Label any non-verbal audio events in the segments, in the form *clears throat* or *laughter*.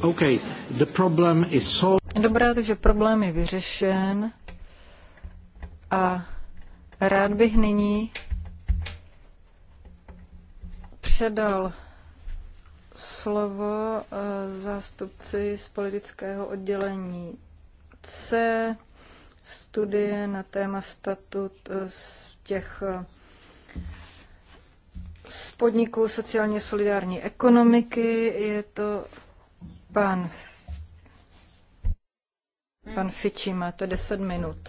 Okay, the problem is solved. Dobrá, takže problém je vyřešen. A rád bych nyní předal slovo eh, zástupci z politického oddělení C, studie na téma statut eh, z těch eh, z podniků sociálně solidární ekonomiky. Je to Pan, pan Fiči, máte 10 minut.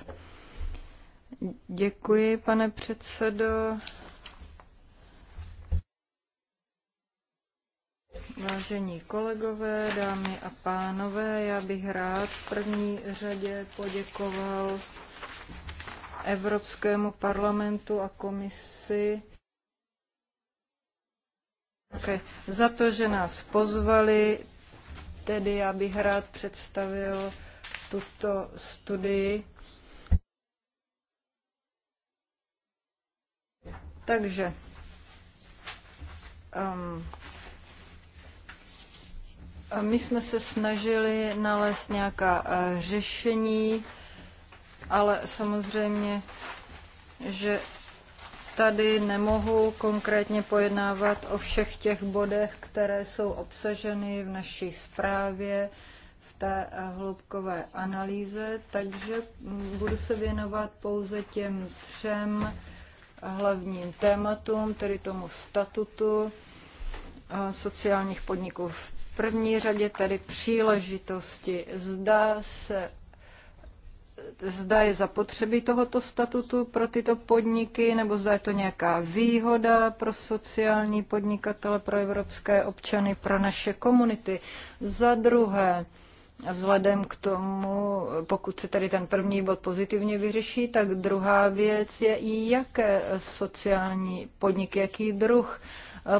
Děkuji, pane předsedo. Vážení kolegové, dámy a pánové, já bych rád v první řadě poděkoval Evropskému parlamentu a komisi okay. za to, že nás pozvali Tedy já bych rád představil tuto studii. Takže um, a my jsme se snažili nalézt nějaká eh, řešení, ale samozřejmě, že tady nemohu konkrétně pojednávat o všech těch bodech, které jsou obsaženy v naší zprávě, v té hloubkové analýze, takže budu se věnovat pouze těm třem hlavním tématům, tedy tomu statutu sociálních podniků v první řadě tedy příležitosti. Zda se zda je zapotřebí tohoto statutu pro tyto podniky, nebo zda je to nějaká výhoda pro sociální podnikatele, pro evropské občany, pro naše komunity. Za druhé, vzhledem k tomu, pokud se tady ten první bod pozitivně vyřeší, tak druhá věc je i jaké sociální podnik, jaký druh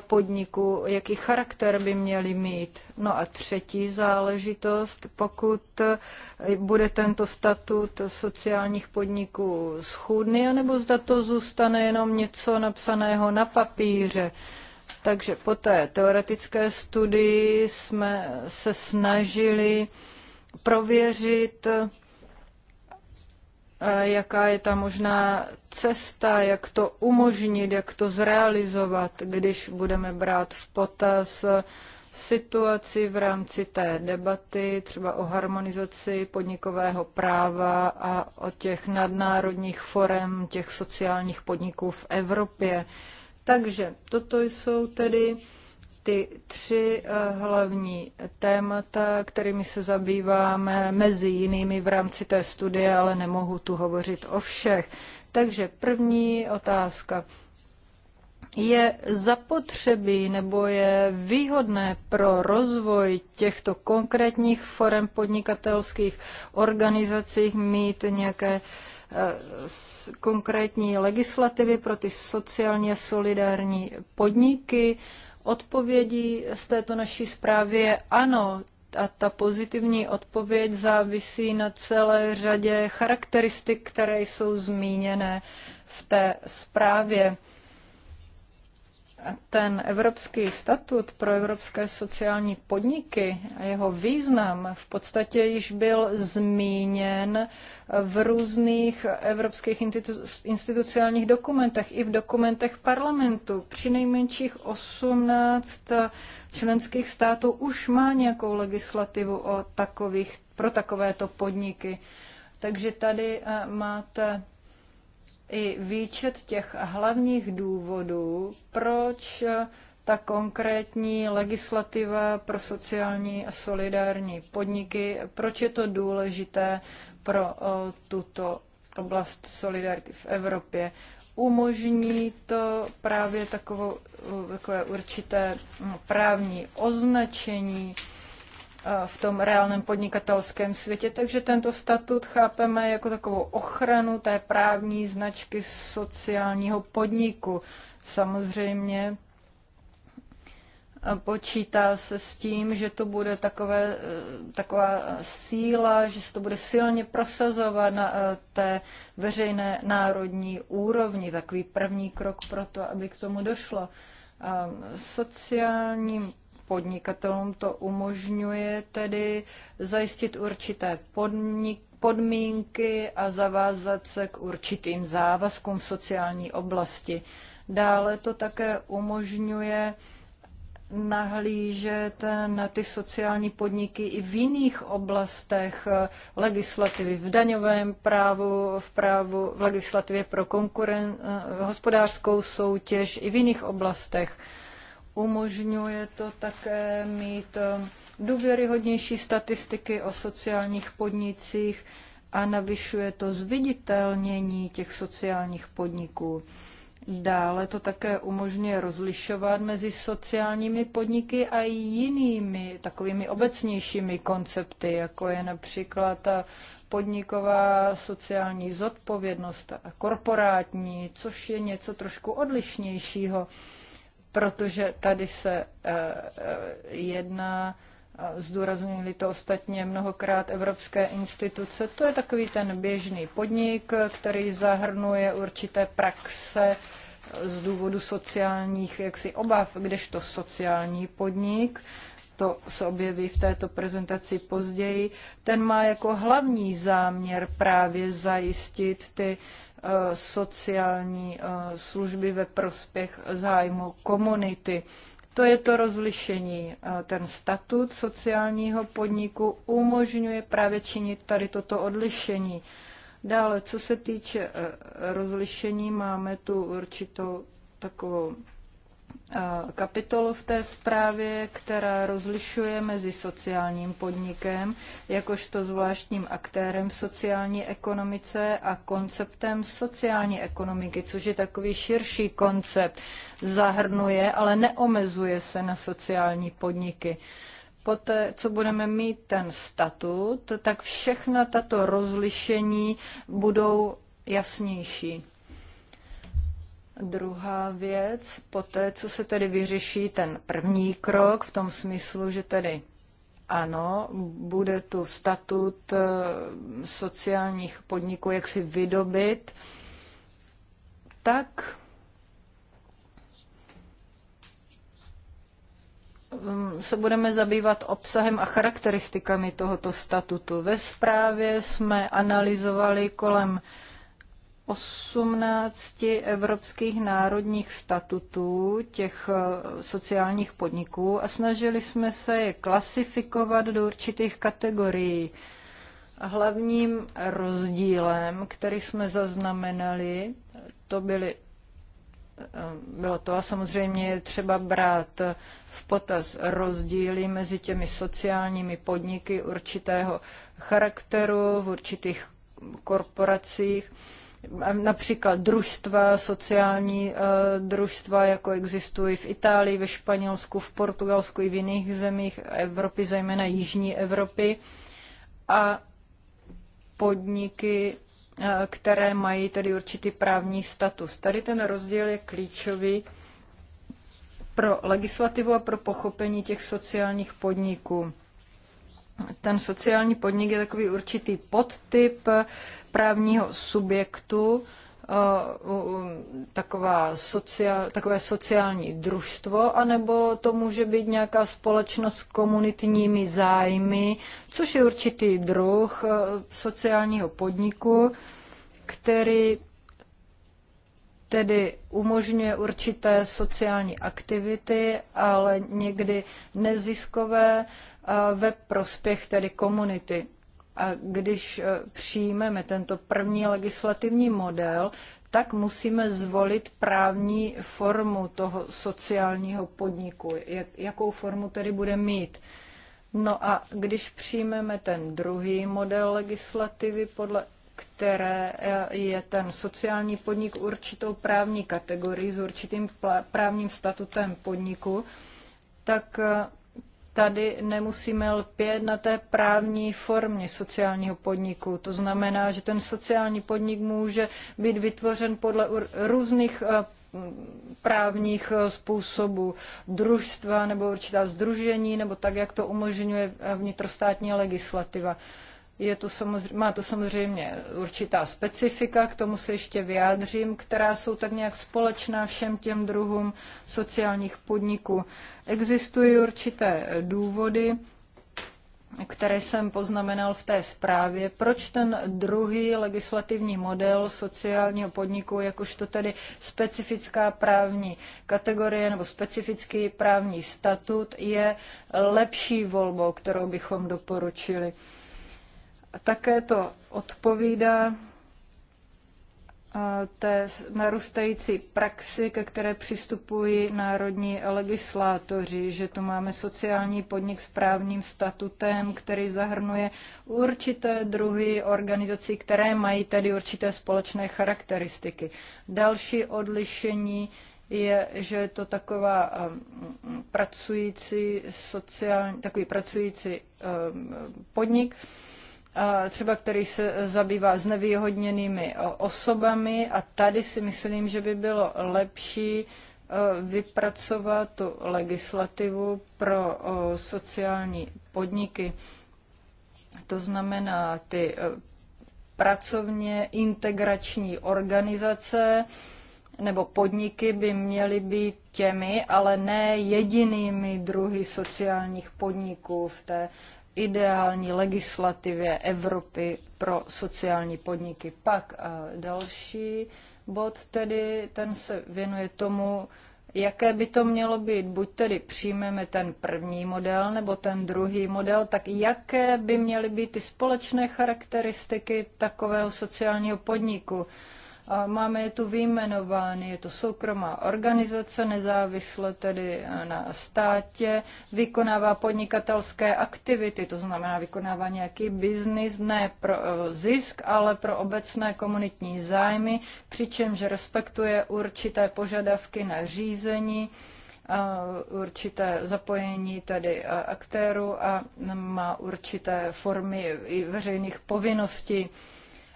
podniku, jaký charakter by měly mít. No a třetí záležitost, pokud bude tento statut sociálních podniků schůdný, anebo zda to zůstane jenom něco napsaného na papíře. Takže po té teoretické studii jsme se snažili prověřit, jaká je ta možná cesta, jak to umožnit, jak to zrealizovat, když budeme brát v potaz situaci v rámci té debaty, třeba o harmonizaci podnikového práva a o těch nadnárodních forem těch sociálních podniků v Evropě. Takže toto jsou tedy ty tři eh, hlavní témata, kterými se zabýváme, mezi jinými v rámci té studie, ale nemohu tu hovořit o všech. Takže první otázka. Je zapotřebí nebo je výhodné pro rozvoj těchto konkrétních forem podnikatelských organizací mít nějaké eh, konkrétní legislativy pro ty sociálně solidární podniky? Odpovědí z této naší zprávy je ano, a ta pozitivní odpověď závisí na celé řadě charakteristik, které jsou zmíněné v té zprávě ten evropský statut pro evropské sociální podniky a jeho význam v podstatě již byl zmíněn v různých evropských institucionálních dokumentech i v dokumentech parlamentu. Při nejmenších 18 členských států už má nějakou legislativu o takových, pro takovéto podniky. Takže tady eh, máte i výčet těch hlavních důvodů, proč ta konkrétní legislativa pro sociální a solidární podniky, proč je to důležité pro tuto oblast solidarity v Evropě. Umožní to právě takovou, takové určité právní označení v tom reálném podnikatelském světě, takže tento statut chápeme jako takovou ochranu té právní značky sociálního podniku. Samozřejmě počítá se s tím, že to bude takové, e, taková síla, že se to bude silně prosazovat na e, té veřejné národní úrovni, takový první krok pro to, aby k tomu došlo. A sociálním podnikatelům to umožňuje tedy zajistit určité podnik, podmínky a zavázat se k určitým závazkům v sociální oblasti. Dále to také umožňuje nahlížet na ty sociální podniky i v jiných oblastech legislativy, v daňovém právu, v právu, v legislativě pro konkuren, eh, hospodářskou soutěž i v jiných oblastech. Umožňuje to také mít eh, důvěryhodnější statistiky o sociálních podnicích a navyšuje to zviditelnění těch sociálních podniků. Dále to také umožňuje rozlišovat mezi sociálními podniky a jinými takovými obecnějšími koncepty, jako je například ta podniková sociální zodpovědnost a korporátní, což je něco trošku odlišnějšího protože tady se eh, eh, jedná, zdůraznili to ostatně mnohokrát evropské instituce, to je takový ten běžný podnik, který zahrnuje určité praxe eh, z důvodu sociálních jaksi obav, kdežto sociální podnik, to se objeví v této prezentaci později, ten má jako hlavní záměr právě zajistit ty Eh, sociální eh, služby ve prospěch zájmu komunity. To je to rozlišení. Eh, ten statut sociálního podniku umožňuje právě činit tady toto odlišení. Dále, co se týče rozlišení, máme tu určitou takovou kapitolu v té zprávě, která rozlišuje mezi sociálním podnikem jakožto zvláštním aktérem v sociální ekonomice a konceptem sociální ekonomiky, což je takový širší koncept. Zahrnuje, ale neomezuje se na sociální podniky. Poté, co budeme mít ten statut, tak všechna tato rozlišení budou jasnější. Druhá věc, poté, co se tedy vyřeší ten první krok v tom smyslu, že tedy ano, bude tu statut eh, sociálních podniků, jak si vydobit, tak mm, se budeme zabývat obsahem a charakteristikami tohoto statutu. Ve zprávě jsme analyzovali kolem 18 evropských národních statutů těch eh, sociálních podniků a snažili jsme se je klasifikovat do určitých kategorií. hlavním rozdílem, který jsme zaznamenali, to byly eh, bylo to a samozřejmě je třeba brát v potaz rozdíly mezi těmi sociálními podniky určitého charakteru v určitých korporacích například družstva, sociální eh, družstva, jako existují v Itálii, ve Španělsku, v Portugalsku i v jiných zemích Evropy, zejména Jižní Evropy. A podniky, eh, které mají tedy určitý právní status. Tady ten rozdíl je klíčový pro legislativu a pro pochopení těch sociálních podniků. Ten sociální podnik je takový určitý podtyp právního subjektu, eh, taková sociál, takové sociální družstvo, anebo to může být nějaká společnost s komunitními zájmy, což je určitý druh eh, sociálního podniku, který tedy umožňuje určité sociální aktivity, ale někdy neziskové Eh, ve prospěch tedy komunity. A když eh, přijmeme tento první legislativní model, tak musíme zvolit právní formu toho sociálního podniku, jakou formu tedy bude mít. No a když přijmeme ten druhý model legislativy, podle které eh, je ten sociální podnik určitou právní kategorii s určitým právním statutem podniku, tak tady nemusíme lpět na té právní formě sociálního podniku. To znamená, že ten sociální podnik může být vytvořen podle různých eh, právních eh, způsobů družstva nebo určitá združení, nebo tak, jak to umožňuje eh, vnitrostátní legislativa. Je to samozřejmě, má to samozřejmě určitá specifika, k tomu se ještě vyjádřím, která jsou tak nějak společná všem těm druhům sociálních podniků. Existují určité důvody, které jsem poznamenal v té zprávě, proč ten druhý legislativní model sociálního podniku, jakožto tedy specifická právní kategorie nebo specifický právní statut, je lepší volbou, kterou bychom doporučili. Také to odpovídá té narůstající praxi, ke které přistupují národní legislátoři, že tu máme sociální podnik s právním statutem, který zahrnuje určité druhy organizací, které mají tedy určité společné charakteristiky. Další odlišení je, že je to taková pracující sociální, takový pracující podnik, třeba který se zabývá s nevýhodněnými osobami a tady si myslím, že by bylo lepší e, vypracovat tu legislativu pro sociální podniky. To znamená ty e, pracovně integrační organizace nebo podniky by měly být těmi, ale ne jedinými druhy sociálních podniků v té ideální legislativě Evropy pro sociální podniky. Pak další bod tedy, ten se věnuje tomu, jaké by to mělo být. Buď tedy přijmeme ten první model nebo ten druhý model, tak jaké by měly být ty společné charakteristiky takového sociálního podniku. Máme je tu vyjmenovány, je to soukromá organizace, nezávisle tedy na státě, vykonává podnikatelské aktivity, to znamená vykonává nějaký biznis, ne pro eh, zisk, ale pro obecné komunitní zájmy, přičemž respektuje určité požadavky na řízení, eh, určité zapojení tedy eh, aktéru a má určité formy i veřejných povinností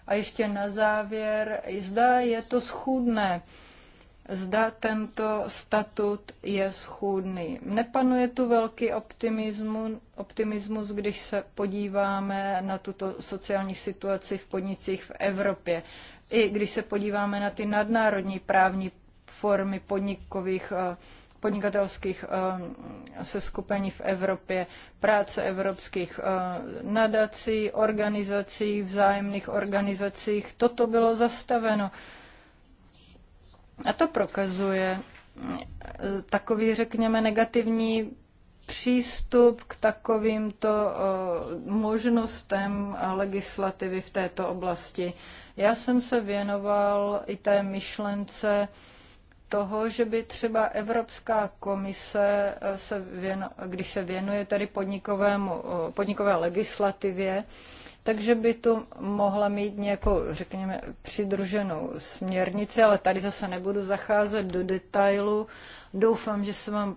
a ještě na závěr, zda je to schůdné, zda tento statut je schůdný. Nepanuje tu velký optimismu, optimismus, když se podíváme na tuto sociální situaci v podnicích v Evropě. I když se podíváme na ty nadnárodní právní formy podnikových uh, podnikatelských ehm, seskupení v Evropě, práce evropských ehm, nadací, organizací, vzájemných organizacích. Toto bylo zastaveno. A to prokazuje ehm, takový, řekněme, negativní přístup k takovýmto možnostem legislativy v této oblasti. Já jsem se věnoval i té myšlence, toho, že by třeba Evropská komise, eh, se věno, když se věnuje tady podnikovému, eh, podnikové legislativě, takže by to mohla mít nějakou, řekněme, přidruženou směrnici, ale tady zase nebudu zacházet do detailu. Doufám, že se vám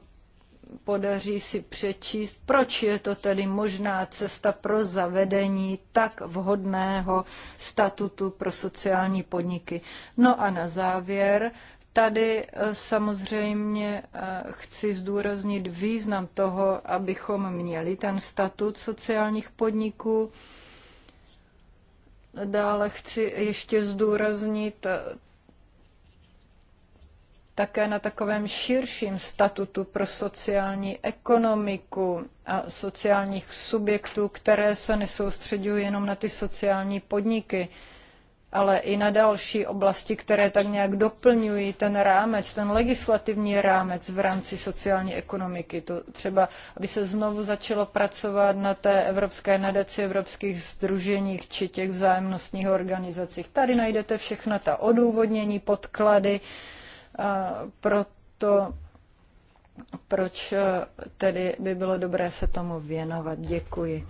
podaří si přečíst, proč je to tedy možná cesta pro zavedení tak vhodného statutu pro sociální podniky. No a na závěr Tady eh, samozřejmě eh, chci zdůraznit význam toho, abychom měli ten statut sociálních podniků. Dále chci ještě zdůraznit eh, také na takovém širším statutu pro sociální ekonomiku a sociálních subjektů, které se nesoustředují jenom na ty sociální podniky ale i na další oblasti, které tak nějak doplňují ten rámec, ten legislativní rámec v rámci sociální ekonomiky. To třeba, aby se znovu začalo pracovat na té Evropské nadaci, Evropských združeních či těch vzájemnostních organizacích. Tady najdete všechna ta odůvodnění, podklady pro to, proč tedy by bylo dobré se tomu věnovat. Děkuji.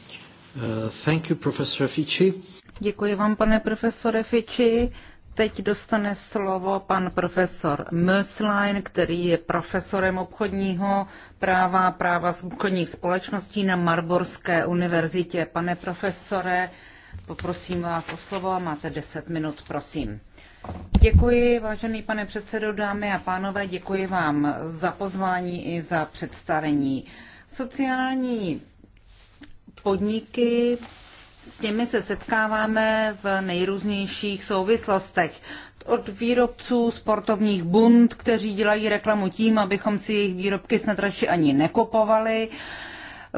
Uh, thank you, professor Fici. Děkuji vám, pane profesore Fiči. Teď dostane slovo pan profesor Möslein, který je profesorem obchodního práva práva z obchodních společností na Marborské univerzitě. Pane profesore, poprosím vás o slovo a máte 10 minut, prosím. Děkuji, vážený pane předsedo, dámy a pánové, děkuji vám za pozvání i za představení. Sociální podniky těmi se setkáváme v nejrůznějších souvislostech. Od výrobců sportovních bund, kteří dělají reklamu tím, abychom si jejich výrobky snad radši ani nekopovali,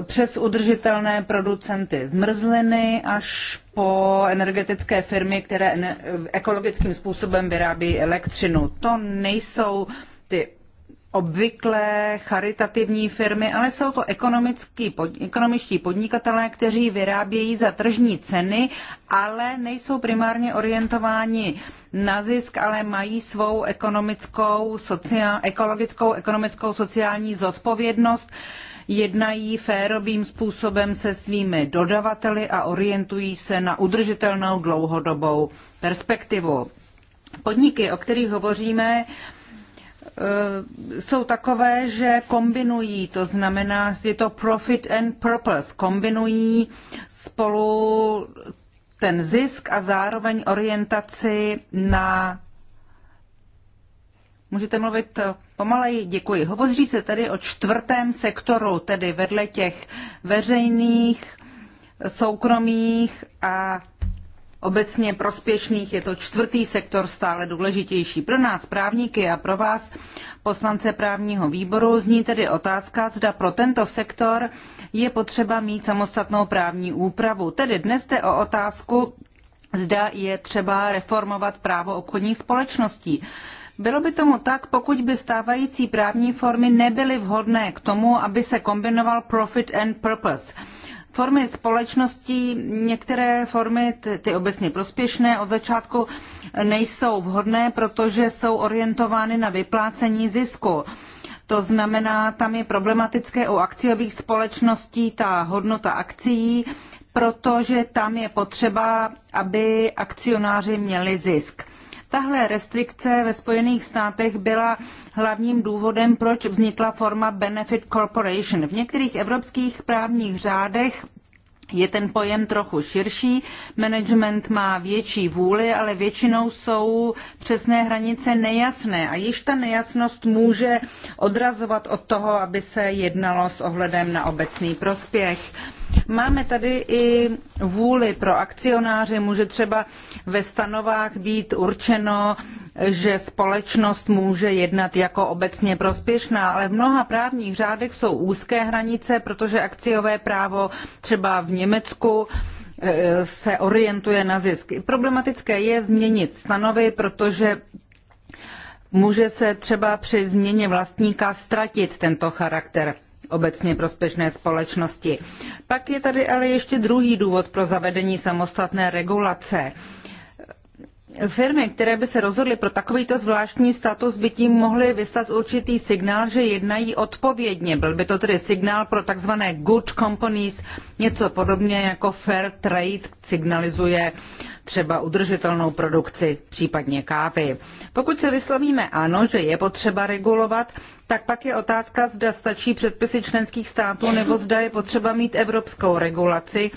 přes udržitelné producenty zmrzliny až po energetické firmy, které ekologickým způsobem vyrábí elektřinu. To nejsou obvyklé charitativní firmy, ale jsou to ekonomický, pod, ekonomičtí podnikatelé, kteří vyrábějí za tržní ceny, ale nejsou primárně orientováni na zisk, ale mají svou ekonomickou, sociál, ekologickou, ekonomickou, sociální zodpovědnost, jednají férovým způsobem se svými dodavateli a orientují se na udržitelnou dlouhodobou perspektivu. Podniky, o kterých hovoříme, Eh, jsou takové, že kombinují, to znamená, je to profit and purpose, kombinují spolu ten zisk a zároveň orientaci na Můžete mluvit pomaleji, děkuji. Hovoří se tedy o čtvrtém sektoru, tedy vedle těch veřejných, soukromých a obecně prospěšných. Je to čtvrtý sektor stále důležitější pro nás, právníky a pro vás, poslance právního výboru. Zní tedy otázka, zda pro tento sektor je potřeba mít samostatnou právní úpravu. Tedy dnes jde o otázku, zda je třeba reformovat právo obchodních společností. Bylo by tomu tak, pokud by stávající právní formy nebyly vhodné k tomu, aby se kombinoval profit and purpose – formy společností, některé formy, ty obecně prospěšné, od začátku nejsou vhodné, protože jsou orientovány na vyplácení zisku. To znamená, tam je problematické u akciových společností ta hodnota akcií, protože tam je potřeba, aby akcionáři měli zisk. Tahle restrikce ve Spojených státech byla hlavním důvodem, proč vznikla forma Benefit Corporation. V některých evropských právních řádech je ten pojem trochu širší, management má větší vůli, ale většinou jsou přesné hranice nejasné a již ta nejasnost může odrazovat od toho, aby se jednalo s ohledem na obecný prospěch. Máme tady i vůli pro akcionáře. Může třeba ve stanovách být určeno, že společnost může jednat jako obecně prospěšná, ale v mnoha právních řádech jsou úzké hranice, protože akciové právo třeba v Německu eh, se orientuje na zisk. Problematické je změnit stanovy, protože může se třeba při změně vlastníka ztratit tento charakter obecně prospěšné společnosti. Pak je tady ale ještě druhý důvod pro zavedení samostatné regulace. Firmy, které by se rozhodly pro takovýto zvláštní status, by tím mohly vyslat určitý signál, že jednají odpovědně. Byl by to tedy signál pro takzvané good companies, něco podobně jako fair trade signalizuje třeba udržitelnou produkci, případně kávy. Pokud se vyslovíme ano, že je potřeba regulovat, tak pak je otázka, zda stačí předpisy členských států nebo zda je potřeba mít evropskou regulaci,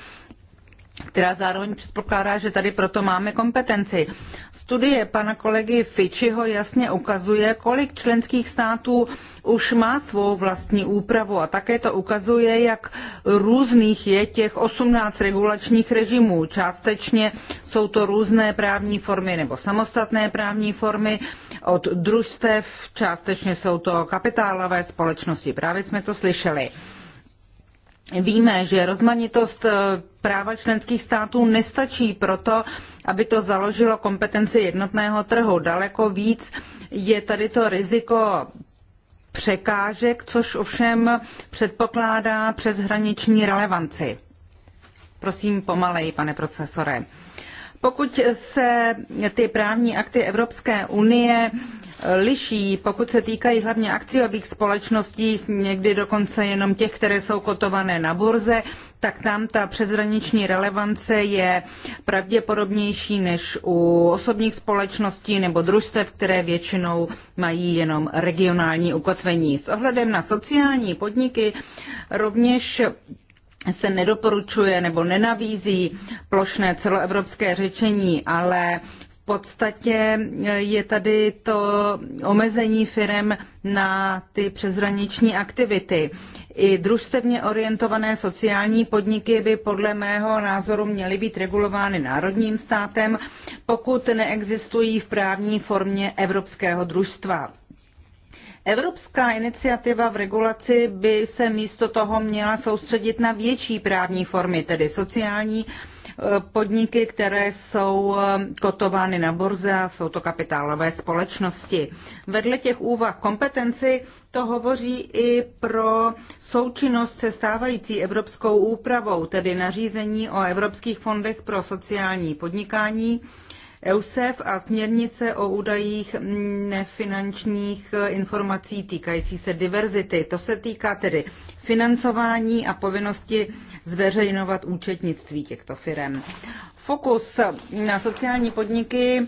která zároveň předpokládá, že tady proto máme kompetenci. Studie pana kolegy Fičiho jasně ukazuje, kolik členských států už má svou vlastní úpravu a také to ukazuje, jak různých je těch 18 regulačních režimů. Částečně jsou to různé právní formy nebo samostatné právní formy od družstev, částečně jsou to kapitálové společnosti. Právě jsme to slyšeli. Víme, že rozmanitost eh, práva členských států nestačí proto, aby to založilo kompetenci jednotného trhu. Daleko víc je tady to riziko překážek, což ovšem předpokládá přeshraniční relevanci. Prosím pomalej, pane profesore. Pokud se ty právní akty Evropské unie liší, pokud se týkají hlavně akciových společností, někdy dokonce jenom těch, které jsou kotované na burze, tak tam ta přezraniční relevance je pravděpodobnější než u osobních společností nebo družstev, které většinou mají jenom regionální ukotvení. S ohledem na sociální podniky rovněž se nedoporučuje nebo nenavízí plošné celoevropské řečení, ale v podstatě e, je tady to omezení firem na ty přeshraniční aktivity. I družstevně orientované sociální podniky by podle mého názoru měly být regulovány národním státem, pokud neexistují v právní formě evropského družstva. Evropská iniciativa v regulaci by se místo toho měla soustředit na větší právní formy, tedy sociální eh, podniky, které jsou eh, kotovány na burze a jsou to kapitálové společnosti. Vedle těch úvah kompetenci to hovoří i pro součinnost se stávající evropskou úpravou, tedy nařízení o evropských fondech pro sociální podnikání, EUSEF a směrnice o údajích nefinančních eh, informací týkající se diverzity. To se týká tedy financování a povinnosti zveřejňovat účetnictví těchto firm. Fokus na sociální podniky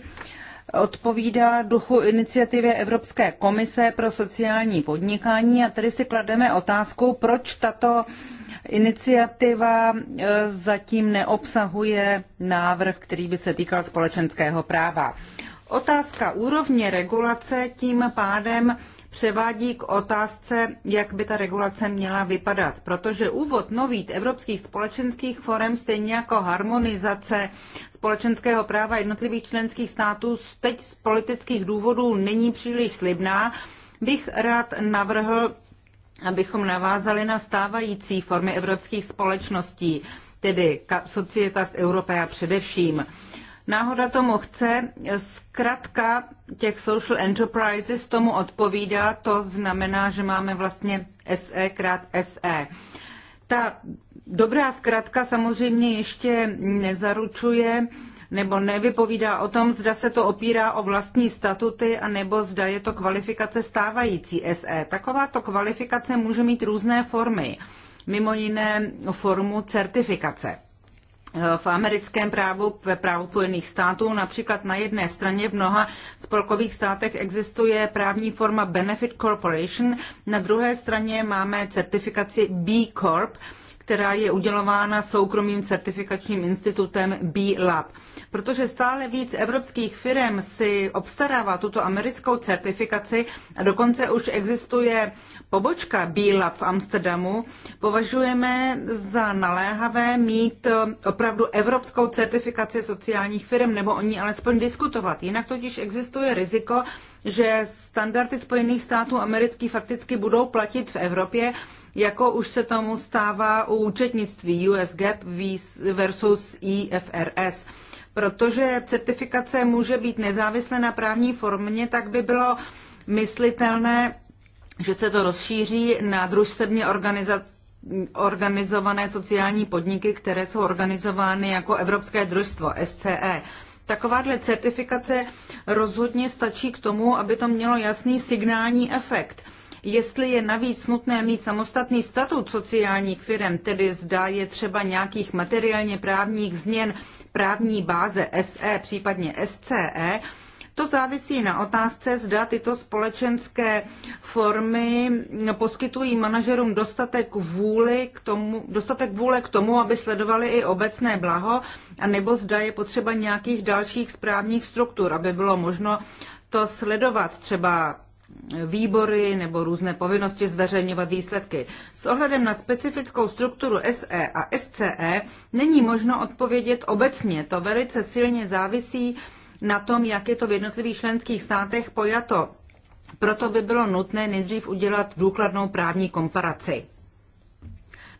odpovídá duchu iniciativě Evropské komise pro sociální podnikání a tady si klademe otázku, proč tato Iniciativa eh, zatím neobsahuje návrh, který by se týkal společenského práva. Otázka úrovně regulace tím pádem převádí k otázce, jak by ta regulace měla vypadat, protože úvod nových evropských společenských forem, stejně jako harmonizace společenského práva jednotlivých členských států, teď z politických důvodů není příliš slibná, bych rád navrhl abychom navázali na stávající formy evropských společností, tedy Societas Europea především. Náhoda tomu chce, zkrátka těch social enterprises tomu odpovídá, to znamená, že máme vlastně SE krát SE. Ta dobrá zkrátka samozřejmě ještě nezaručuje, nebo nevypovídá o tom, zda se to opírá o vlastní statuty a nebo zda je to kvalifikace stávající SE. Takováto kvalifikace může mít různé formy, mimo jiné formu certifikace. V americkém právu, ve právu Spojených států, například na jedné straně v mnoha spolkových státech existuje právní forma Benefit Corporation, na druhé straně máme certifikaci B Corp, která je udělována soukromým certifikačním institutem B-Lab. Protože stále víc evropských firm si obstarává tuto americkou certifikaci a dokonce už existuje pobočka B-Lab v Amsterdamu, považujeme za naléhavé mít eh, opravdu evropskou certifikaci sociálních firm nebo o ní alespoň diskutovat. Jinak totiž existuje riziko, že standardy Spojených států amerických fakticky budou platit v Evropě jako už se tomu stává u účetnictví US GAAP versus IFRS. Protože certifikace může být nezávisle na právní formě, tak by bylo myslitelné, že se to rozšíří na družstevně organizace organizované sociální podniky, které jsou organizovány jako Evropské družstvo, SCE. Takováhle certifikace rozhodně stačí k tomu, aby to mělo jasný signální efekt jestli je navíc nutné mít samostatný statut sociálních firm, tedy zda je třeba nějakých materiálně právních změn právní báze SE, případně SCE, to závisí na otázce, zda tyto společenské formy poskytují manažerům dostatek vůle k tomu, dostatek vůle k tomu, aby sledovali i obecné blaho, nebo zda je potřeba nějakých dalších správních struktur, aby bylo možno to sledovat třeba výbory nebo různé povinnosti zveřejňovat výsledky. S ohledem na specifickou strukturu SE a SCE není možno odpovědět obecně. To velice silně závisí na tom, jak je to v jednotlivých členských státech pojato. Proto by bylo nutné nejdřív udělat důkladnou právní komparaci.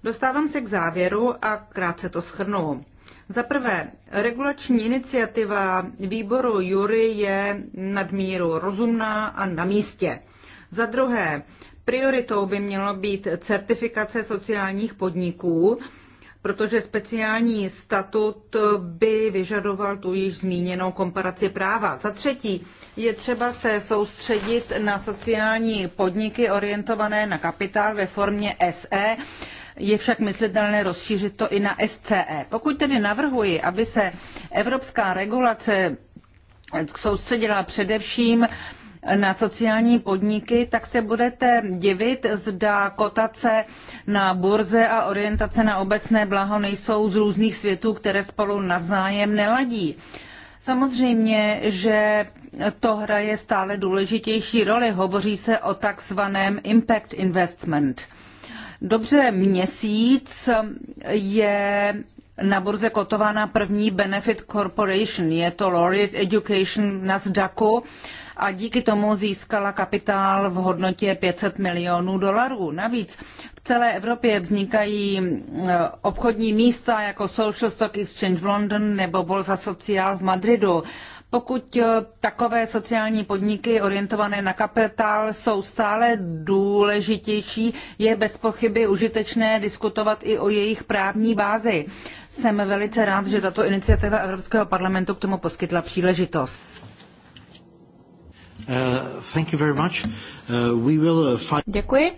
Dostávám se k závěru a krátce to schrnu. Za prvé, regulační iniciativa výboru Jury je nadmíru rozumná a na místě. Za druhé, prioritou by mělo být certifikace sociálních podniků, protože speciální statut by vyžadoval tu již zmíněnou komparaci práva. Za třetí, je třeba se soustředit na sociální podniky orientované na kapitál ve formě SE, je však myslitelné rozšířit to i na SCE. Pokud tedy navrhuji, aby se evropská regulace soustředila především na sociální podniky, tak se budete divit, zda kotace na burze a orientace na obecné blaho nejsou z různých světů, které spolu navzájem neladí. Samozřejmě, že to hraje stále důležitější roli. Hovoří se o takzvaném impact investment. Dobře, měsíc je na burze kotována první Benefit Corporation, je to Laureate Education na Zdaku a díky tomu získala kapitál v hodnotě 500 milionů dolarů. Navíc v celé Evropě vznikají eh, obchodní místa jako Social Stock Exchange v London nebo Bolsa Social v Madridu. Pokud eh, takové sociální podniky orientované na kapitál jsou stále důležitější, je bez pochyby užitečné diskutovat i o jejich právní bázi. Jsem velice rád, že tato iniciativa Evropského parlamentu k tomu poskytla příležitost. Eh, eh, Děkuji.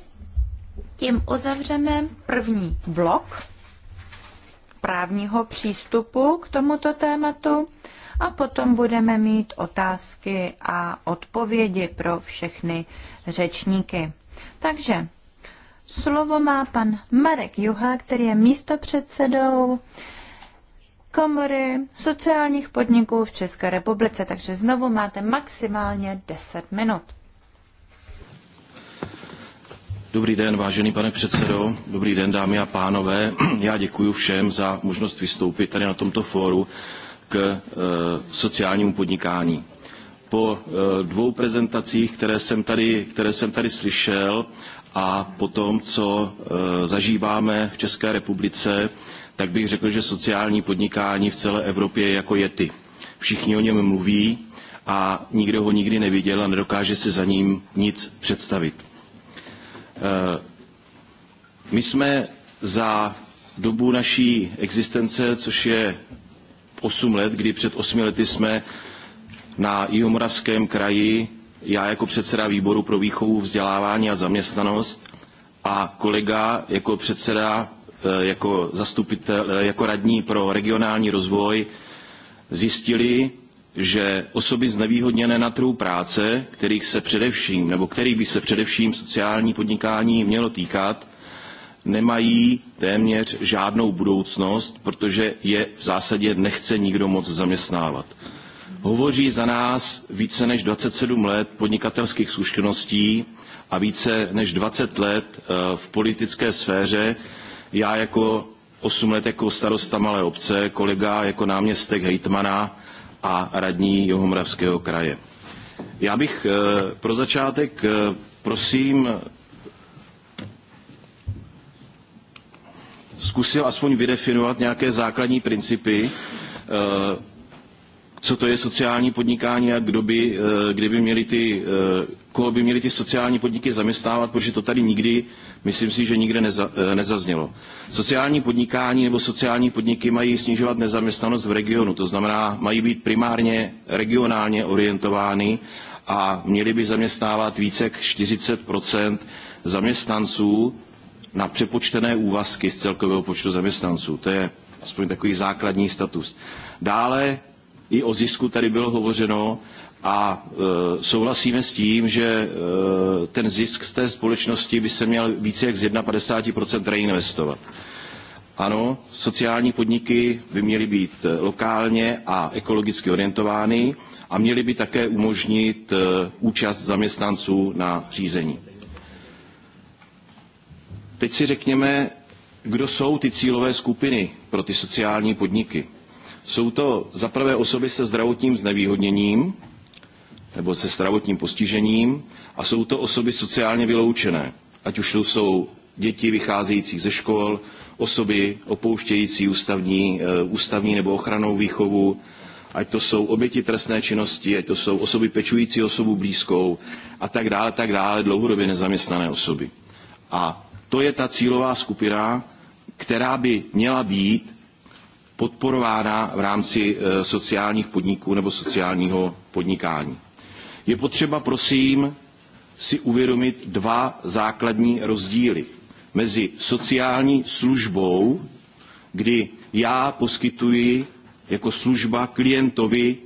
Tím uzavřeme první blok právního přístupu k tomuto tématu a potom budeme mít otázky a odpovědi pro všechny řečníky. Takže slovo má pan Marek Juha, který je místopředsedou komory sociálních podniků v České republice, takže znovu máte maximálně 10 minut. Dobrý den, vážený pane předsedo, dobrý den, dámy a pánové. Já děkuji všem za možnost vystoupit tady na tomto fóru k eh, sociálnímu podnikání. Po eh, dvou prezentacích, které jsem tady, které jsem tady slyšel, a po tom, co eh, zažíváme v České republice, tak bych řekl, že sociální podnikání v celé Evropě je jako jety. Všichni o něm mluví a nikdo ho nikdy neviděl a nedokáže si za ním nic představit. My jsme za dobu naší existence, což je Osm let, kdy před osmi lety jsme na Jihomoravském kraji, já jako předseda výboru pro výchovu, vzdělávání a zaměstnanost a kolega jako předseda, e, jako zastupitel, e, jako radní pro regionální rozvoj zjistili, že osoby znevýhodněné na trhu práce, kterých se především, nebo kterých by se především sociální podnikání mělo týkat, nemají téměř žádnou budoucnost, protože je v zásadě nechce nikdo moc zaměstnávat. Hovoří za nás více než 27 let podnikatelských zkušeností a více než 20 let eh, v politické sféře. Já jako 8 let jako starosta malé obce, kolega jako náměstek hejtmana a radní Jihomoravského kraje. Já bych eh, pro začátek eh, prosím zkusil aspoň vydefinovat nějaké základní principy, eh, co to je sociální podnikání a kdo by, eh, kdyby měli ty, eh, koho by měli ty sociální podniky zaměstnávat, protože to tady nikdy, myslím si, že nikde neza, nezaznělo. Sociální podnikání nebo sociální podniky mají snižovat nezaměstnanost v regionu, to znamená, mají být primárně regionálně orientovány a měli by zaměstnávat více jak 40 zaměstnanců na přepočtené úvazky z celkového počtu zaměstnanců. To je aspoň takový základní status. Dále i o zisku tady bylo hovořeno a e, souhlasíme s tím, že e, ten zisk z té společnosti by se měl více jak z 51% reinvestovat. Ano, sociální podniky by měly být e, lokálně a ekologicky orientovány a měly by také umožnit e, účast zaměstnanců na řízení. Teď si řekněme, kdo jsou ty cílové skupiny pro ty sociální podniky. Jsou to zaprvé osoby se zdravotním znevýhodněním nebo se zdravotním postižením a jsou to osoby sociálně vyloučené, ať už to jsou děti vycházející ze škol, osoby opouštějící ústavní, eh, ústavní nebo ochranou výchovu, ať to jsou oběti trestné činnosti, ať to jsou osoby pečující osobu blízkou a tak dále, tak dále, dlouhodobě nezaměstnané osoby. A to je ta cílová skupina, která by měla být podporována v rámci e, sociálních podniků nebo sociálního podnikání. Je potřeba, prosím, si uvědomit dva základní rozdíly mezi sociální službou, kdy já poskytuji jako služba klientovi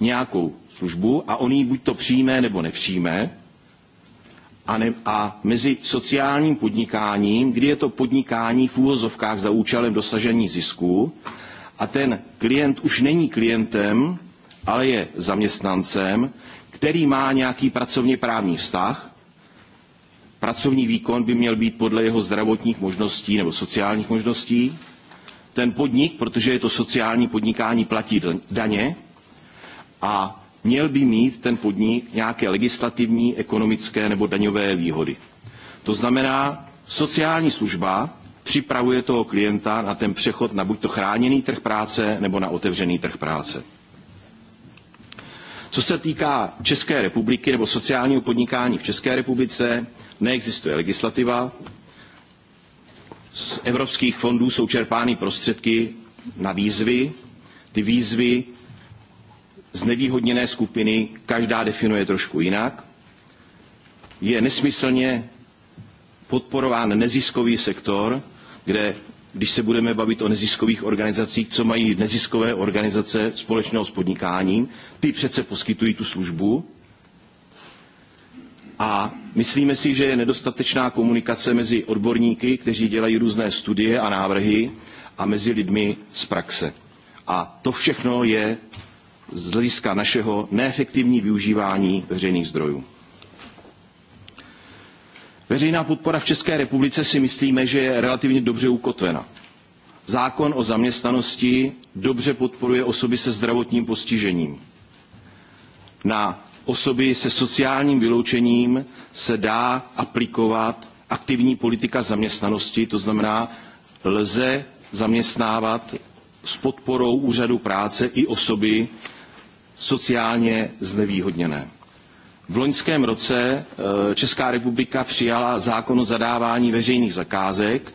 nějakou službu a on ji buď to přijme nebo nepřijme, a, ne, a mezi sociálním podnikáním, kdy je to podnikání v úvozovkách za účelem dosažení zisku a ten klient už není klientem, ale je zaměstnancem, který má nějaký pracovně právní vztah. Pracovní výkon by měl být podle jeho zdravotních možností nebo sociálních možností. Ten podnik, protože je to sociální podnikání, platí daně a měl by mít ten podnik nějaké legislativní, ekonomické nebo daňové výhody. To znamená, sociální služba připravuje toho klienta na ten přechod na buď to chráněný trh práce nebo na otevřený trh práce. Co se týká České republiky nebo sociálního podnikání v České republice, neexistuje legislativa. Z evropských fondů jsou čerpány prostředky na výzvy. Ty výzvy znevýhodněné skupiny každá definuje trošku jinak. Je nesmyslně podporován neziskový sektor, kde, když se budeme bavit o neziskových organizacích, co mají neziskové organizace společného s podnikáním, ty přece poskytují tu službu. A myslíme si, že je nedostatečná komunikace mezi odborníky, kteří dělají různé studie a návrhy, a mezi lidmi z praxe. A to všechno je z hlediska našeho neefektivní využívání veřejných zdrojů. Veřejná podpora v České republice si myslíme, že je relativně dobře ukotvena. Zákon o zaměstnanosti dobře podporuje osoby se zdravotním postižením. Na osoby se sociálním vyloučením se dá aplikovat aktivní politika zaměstnanosti, to znamená, lze zaměstnávat s podporou úřadu práce i osoby sociálně znevýhodněné. V loňském roce eh, Česká republika přijala zákon o zadávání veřejných zakázek,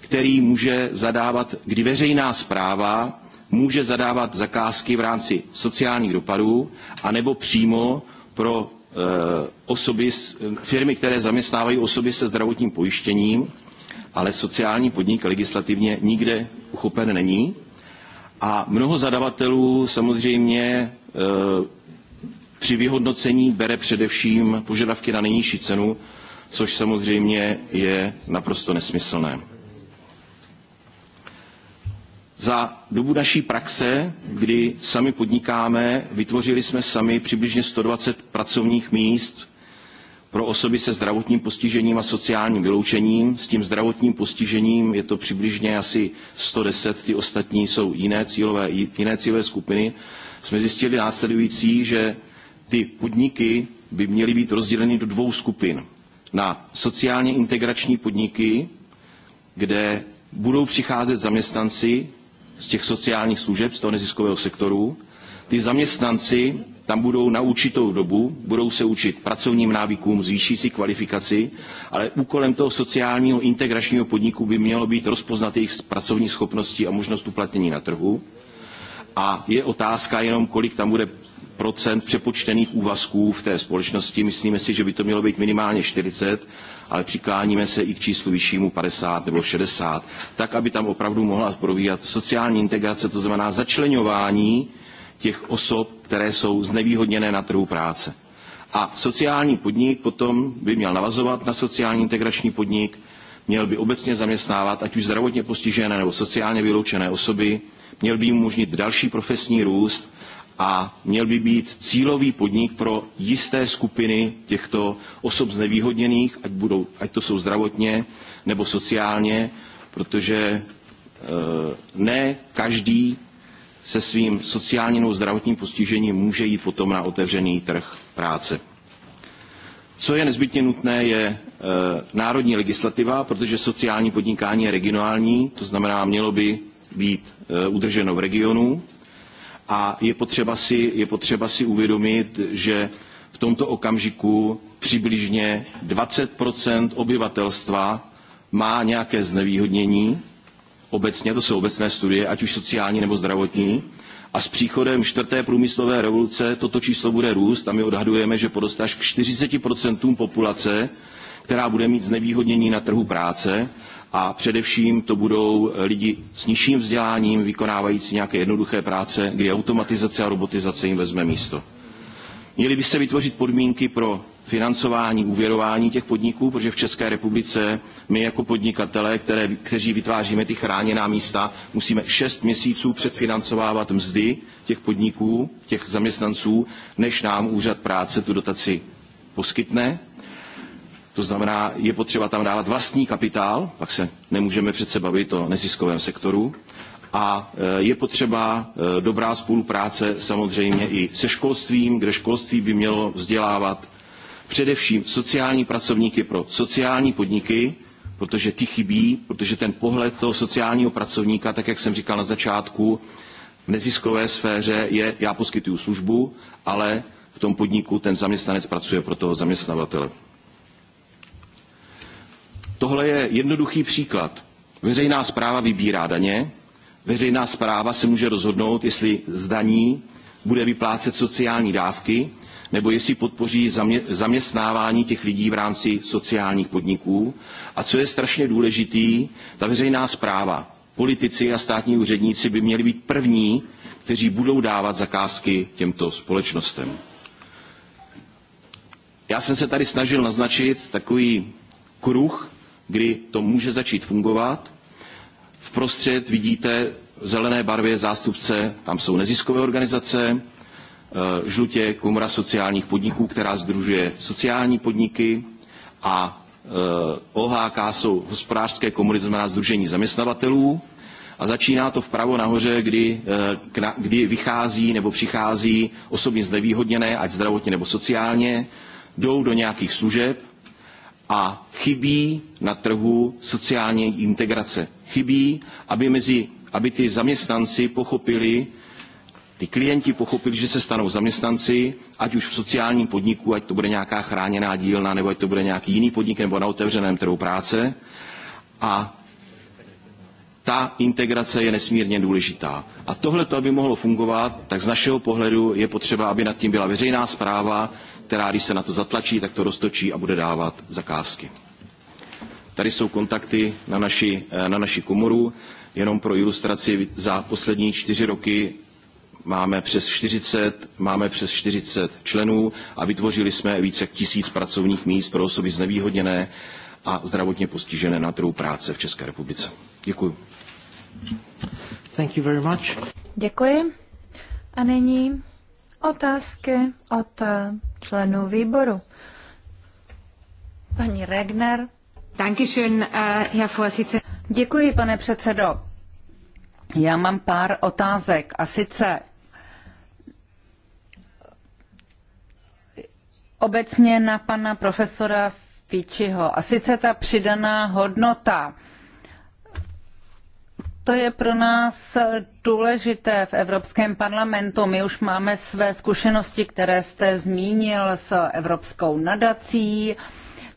který může zadávat, kdy veřejná správa může zadávat zakázky v rámci sociálních dopadů, anebo přímo pro eh, osoby, firmy, které zaměstnávají osoby se zdravotním pojištěním, ale sociální podnik legislativně nikde uchopen není. A mnoho zadavatelů samozřejmě Eh, při vyhodnocení bere především požadavky na nejnižší cenu, což samozřejmě je naprosto nesmyslné. Za dobu naší praxe, kdy sami podnikáme, vytvořili jsme sami přibližně 120 pracovních míst pro osoby se zdravotním postižením a sociálním vyloučením. S tím zdravotním postižením je to přibližně asi 110, ty ostatní jsou jiné cílové, jiné cílové skupiny. Jsme zjistili následující, že ty podniky by měly být rozděleny do dvou skupin. Na sociálně integrační podniky, kde budou přicházet zaměstnanci z těch sociálních služeb, z toho neziskového sektoru, ty zaměstnanci tam budou na určitou dobu, budou se učit pracovním návykům, zvýší si kvalifikaci, ale úkolem toho sociálního integračního podniku by mělo být rozpoznat jejich pracovní schopnosti a možnost uplatnění na trhu. A je otázka jenom, kolik tam bude procent přepočtených úvazků v té společnosti. Myslíme si, že by to mělo být minimálně 40, ale přikláníme se i k číslu vyššímu 50 nebo 60, tak, aby tam opravdu mohla probíhat sociální integrace, to znamená začlenování těch osob, které jsou znevýhodněné na trhu práce. A sociální podnik potom by měl navazovat na sociální integrační podnik, měl by obecně zaměstnávat ať už zdravotně postižené nebo sociálně vyloučené osoby, měl by jim umožnit další profesní růst a měl by být cílový podnik pro jisté skupiny těchto osob znevýhodněných, ať, budou, ať to jsou zdravotně nebo sociálně, protože e, ne každý se svým sociálním nebo zdravotním postižením může jít potom na otevřený trh práce. Co je nezbytně nutné, je e, národní legislativa, protože sociální podnikání je regionální, to znamená, mělo by být e, udrženo v regionu. A je potřeba, si, je potřeba si uvědomit, že v tomto okamžiku přibližně 20 obyvatelstva má nějaké znevýhodnění obecně, to jsou obecné studie, ať už sociální nebo zdravotní, a s příchodem čtvrté průmyslové revoluce toto číslo bude růst a my odhadujeme, že poroste až k 40% populace, která bude mít znevýhodnění na trhu práce a především to budou lidi s nižším vzděláním, vykonávající nějaké jednoduché práce, kdy automatizace a robotizace jim vezme místo. Měly by se vytvořit podmínky pro financování, úvěrování těch podniků, protože v České republice my jako podnikatelé, které, kteří vytváříme ty chráněná místa, musíme šest měsíců předfinancovávat mzdy těch podniků, těch zaměstnanců, než nám úřad práce tu dotaci poskytne. To znamená, je potřeba tam dávat vlastní kapitál, pak se nemůžeme přece bavit o neziskovém sektoru. A e, je potřeba e, dobrá spolupráce samozřejmě i se školstvím, kde školství by mělo vzdělávat především sociální pracovníky pro sociální podniky, protože ty chybí, protože ten pohled toho sociálního pracovníka, tak jak jsem říkal na začátku, v neziskové sféře je, já poskytuju službu, ale v tom podniku ten zaměstnanec pracuje pro toho zaměstnavatele. Tohle je jednoduchý příklad. Veřejná správa vybírá daně, veřejná správa se může rozhodnout, jestli z daní bude vyplácet sociální dávky nebo jestli podpoří zaměstnávání těch lidí v rámci sociálních podniků. A co je strašně důležitý, ta veřejná správa. Politici a státní úředníci by měli být první, kteří budou dávat zakázky těmto společnostem. Já jsem se tady snažil naznačit takový kruh, kdy to může začít fungovat. Vprostřed vidíte v zelené barvě zástupce, tam jsou neziskové organizace, Eh, žlutě komora sociálních podniků, která združuje sociální podniky a eh, OHK jsou hospodářské komory, to znamená združení zaměstnavatelů. A začíná to vpravo nahoře, kdy, eh, kdy vychází nebo přichází osobně znevýhodněné, ať zdravotně nebo sociálně, jdou do nějakých služeb a chybí na trhu sociální integrace. Chybí, aby, mezi, aby ty zaměstnanci pochopili, ty klienti pochopili, že se stanou zaměstnanci, ať už v sociálním podniku, ať to bude nějaká chráněná dílna, nebo ať to bude nějaký jiný podnik, nebo na otevřeném trhu práce. A ta integrace je nesmírně důležitá. A tohle, aby mohlo fungovat, tak z našeho pohledu je potřeba, aby nad tím byla veřejná zpráva, která, když se na to zatlačí, tak to roztočí a bude dávat zakázky. Tady jsou kontakty na naši, eh, na naši komoru. Jenom pro ilustraci, za poslední čtyři roky máme přes 40, máme přes 40 členů a vytvořili jsme více tisíc pracovních míst pro osoby znevýhodněné a zdravotně postižené na trhu práce v České republice. Děkuji. Thank you very much. Děkuji. A nyní otázky od eh, členů výboru. Paní Regner. Dankeschön, eh, Herr Vorsitzender. Děkuji, pane předsedo. Já mám pár otázek a sice obecně na pana profesora Fičiho. A sice ta přidaná hodnota. To je pro nás důležité v Evropském parlamentu. My už máme své zkušenosti, které jste zmínil s Evropskou nadací,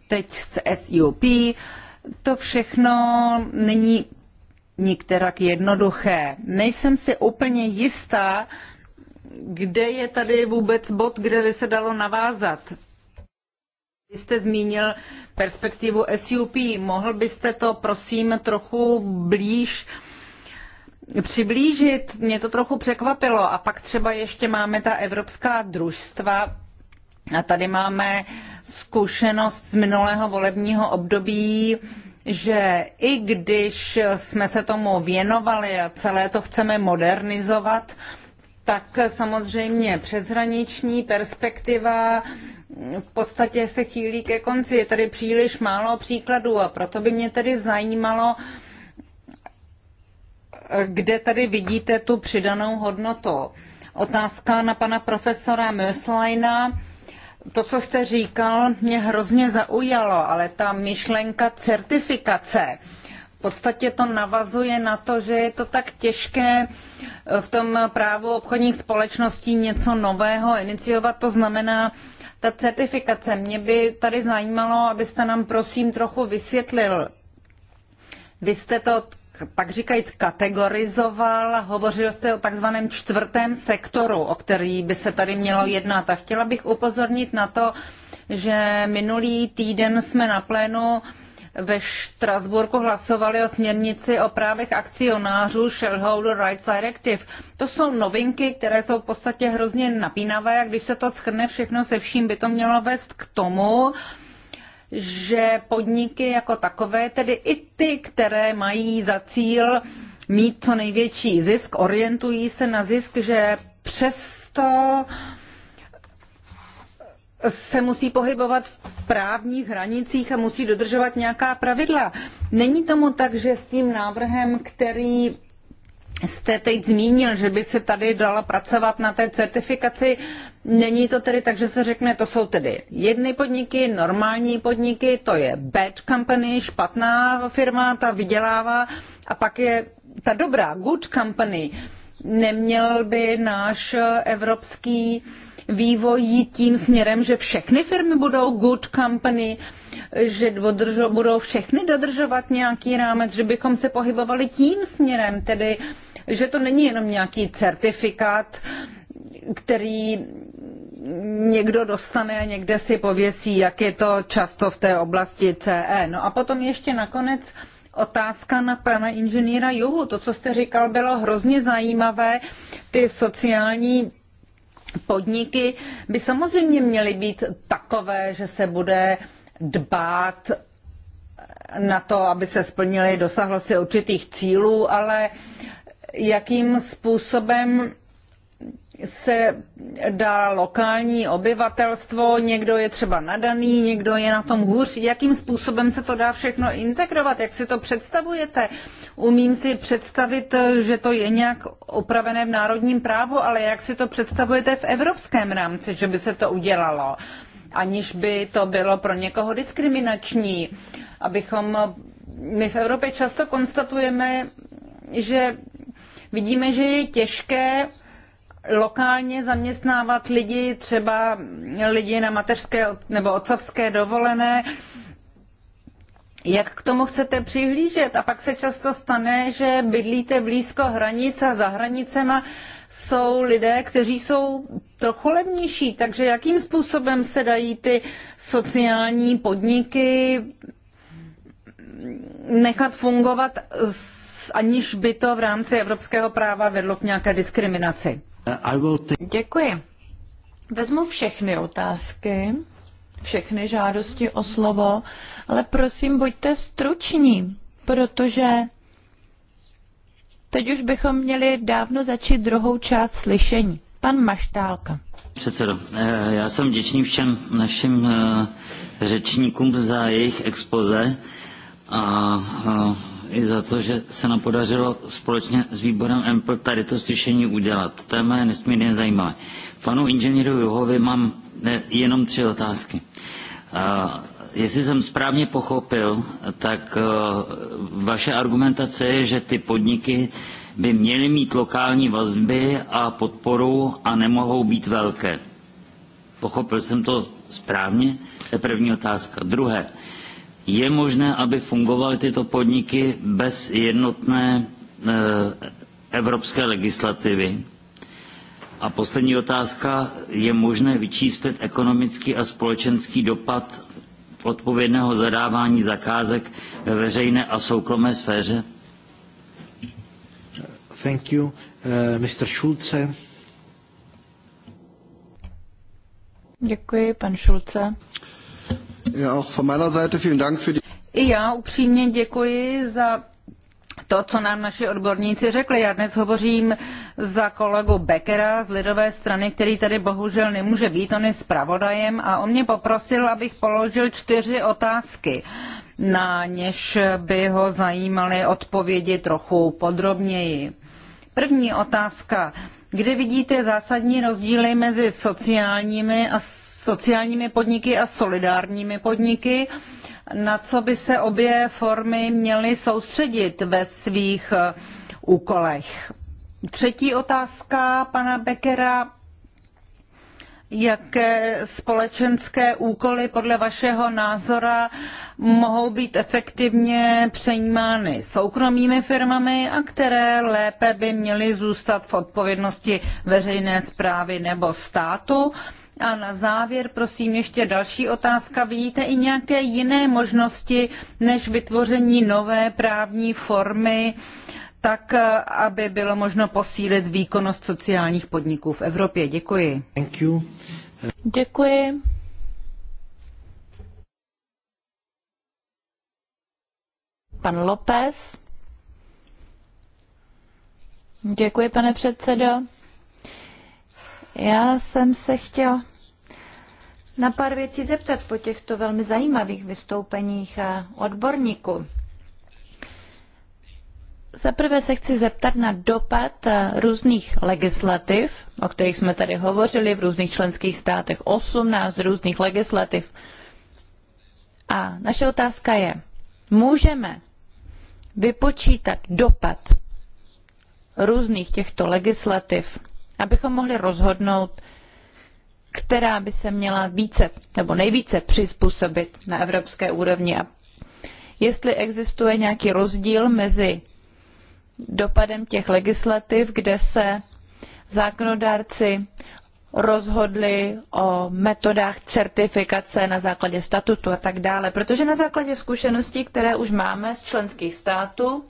teď s SUP. To všechno není nikterak jednoduché. Nejsem si úplně jistá, kde je tady vůbec bod, kde by se dalo navázat? Vy jste zmínil perspektivu SUP. Mohl byste to, prosím, trochu blíž přiblížit? Mě to trochu překvapilo. A pak třeba ještě máme ta evropská družstva. A tady máme zkušenost z minulého volebního období, že i když jsme se tomu věnovali a celé to chceme modernizovat, tak samozřejmě přeshraniční perspektiva v podstatě se chýlí ke konci. Je tady příliš málo příkladů a proto by mě tedy zajímalo, kde tady vidíte tu přidanou hodnotu. Otázka na pana profesora Möslajna. To, co jste říkal, mě hrozně zaujalo, ale ta myšlenka certifikace podstatě to navazuje na to, že je to tak těžké eh, v tom právu obchodních společností něco nového iniciovat. To znamená, ta certifikace. Mě by tady zajímalo, abyste nám prosím trochu vysvětlil. Vy jste to tak říkajíc kategorizoval, hovořil jste o takzvaném čtvrtém sektoru, o který by se tady mělo jednat. A chtěla bych upozornit na to, že minulý týden jsme na plénu uh, ve Štrasburku hlasovali o směrnici o právech akcionářů Shareholder Rights Directive. To jsou novinky, které jsou v podstatě hrozně napínavé a když se to schrne všechno se vším, by to mělo vést k tomu, že podniky jako takové, tedy i ty, které mají za cíl mít co největší zisk, orientují se na zisk, že přesto uh, se musí pohybovat v právních hranicích a musí dodržovat nějaká pravidla. Není tomu tak, že s tím návrhem, který jste teď zmínil, že by se tady dala pracovat na té certifikaci, není to tedy tak, že se řekne, to jsou tedy jedny podniky, normální podniky, to je bad company, špatná firma, ta vydělává a pak je ta dobrá, good company. Neměl by náš evropský uh, vývoj jít tím směrem, že všechny firmy budou good company, že dodržo, budou všechny dodržovat nějaký rámec, že bychom se pohybovali tím směrem, tedy že to není jenom nějaký certifikát, který někdo dostane a někde si pověsí, jak je to často v té oblasti CE. No a potom ještě nakonec otázka na pana inženýra Juhu. To, co jste říkal, bylo hrozně zajímavé. Ty sociální podniky by samozřejmě měly být takové, že se bude dbát na to, aby se splnily, dosahlo se určitých cílů, ale jakým způsobem se dá lokální obyvatelstvo, někdo je třeba nadaný, někdo je na tom hůř. Jakým způsobem se to dá všechno integrovat? Jak si to představujete? Umím si představit, že to je nějak opravené v národním právu, ale jak si to představujete v evropském rámci, že by se to udělalo? Aniž by to bylo pro někoho diskriminační. Abychom, my v Evropě často konstatujeme, že vidíme, že je těžké lokálně zaměstnávat lidi, třeba lidi na mateřské nebo otcovské dovolené. Jak k tomu chcete přihlížet? A pak se často stane, že bydlíte blízko hranic a za hranicema jsou lidé, kteří jsou trochu levnější. Takže jakým způsobem se dají ty sociální podniky nechat fungovat s aniž by to v rámci evropského práva vedlo k nějaké diskriminaci. Děkuji. Vezmu všechny otázky, všechny žádosti o slovo, ale prosím, buďte struční, protože teď už bychom měli dávno začít druhou část slyšení. Pan Maštálka. Předsedo, eh, já jsem vděčný všem našim eh, řečníkům za jejich expoze a eh, i za to, že se nám podařilo společně s výborem EMPL tady to slyšení udělat. Téma je nesmírně zajímavé. Panu inženýru Juhovi mám eh, jenom tři otázky. Eh, jestli jsem správně pochopil, tak eh, vaše argumentace je, že ty podniky by měly mít lokální vazby a podporu a nemohou být velké. Pochopil jsem to správně? To je první otázka. Druhé, je možné, aby fungovaly tyto podniky bez jednotné eh, evropské legislativy? A poslední otázka, je možné vyčíslit ekonomický a společenský dopad odpovědného zadávání zakázek ve veřejné a soukromé sféře? Thank you. Uh, eh, Mr. Schulze. Děkuji, pan Schulze. I já upřímně děkuji za to, co nám naši odborníci řekli. Já dnes hovořím za kolegu Beckera z Lidové strany, který tady bohužel nemůže být, on je zpravodajem a on mě poprosil, abych položil čtyři otázky na něž by ho zajímaly odpovědi trochu podrobněji. První otázka. Kde vidíte zásadní rozdíly mezi sociálními a sociálními podniky a solidárními podniky, na co by se obě formy měly soustředit ve svých eh, úkolech. Třetí otázka pana Beckera. Jaké společenské úkoly podle vašeho názora mohou být efektivně přejímány soukromými firmami a které lépe by měly zůstat v odpovědnosti veřejné správy nebo státu? A na závěr, prosím, ještě další otázka. Vidíte i nějaké jiné možnosti než vytvoření nové právní formy, tak eh, aby bylo možno posílit výkonnost sociálních podniků v Evropě? Děkuji. Thank you. Děkuji. Pan López. Děkuji, pane předsedo. Já jsem se chtěl na pár věcí zeptat po těchto velmi zajímavých vystoupeních a eh, odborníků. Zaprvé se chci zeptat na dopad eh, různých legislativ, o kterých jsme tady hovořili v různých členských státech, 18 různých legislativ. A naše otázka je, můžeme vypočítat dopad různých těchto legislativ abychom mohli rozhodnout, která by se měla více nebo nejvíce přizpůsobit na evropské úrovni a jestli existuje nějaký rozdíl mezi dopadem těch legislativ, kde se zákonodárci rozhodli o metodách certifikace na základě statutu a tak dále. Protože na základě zkušeností, které už máme z členských států,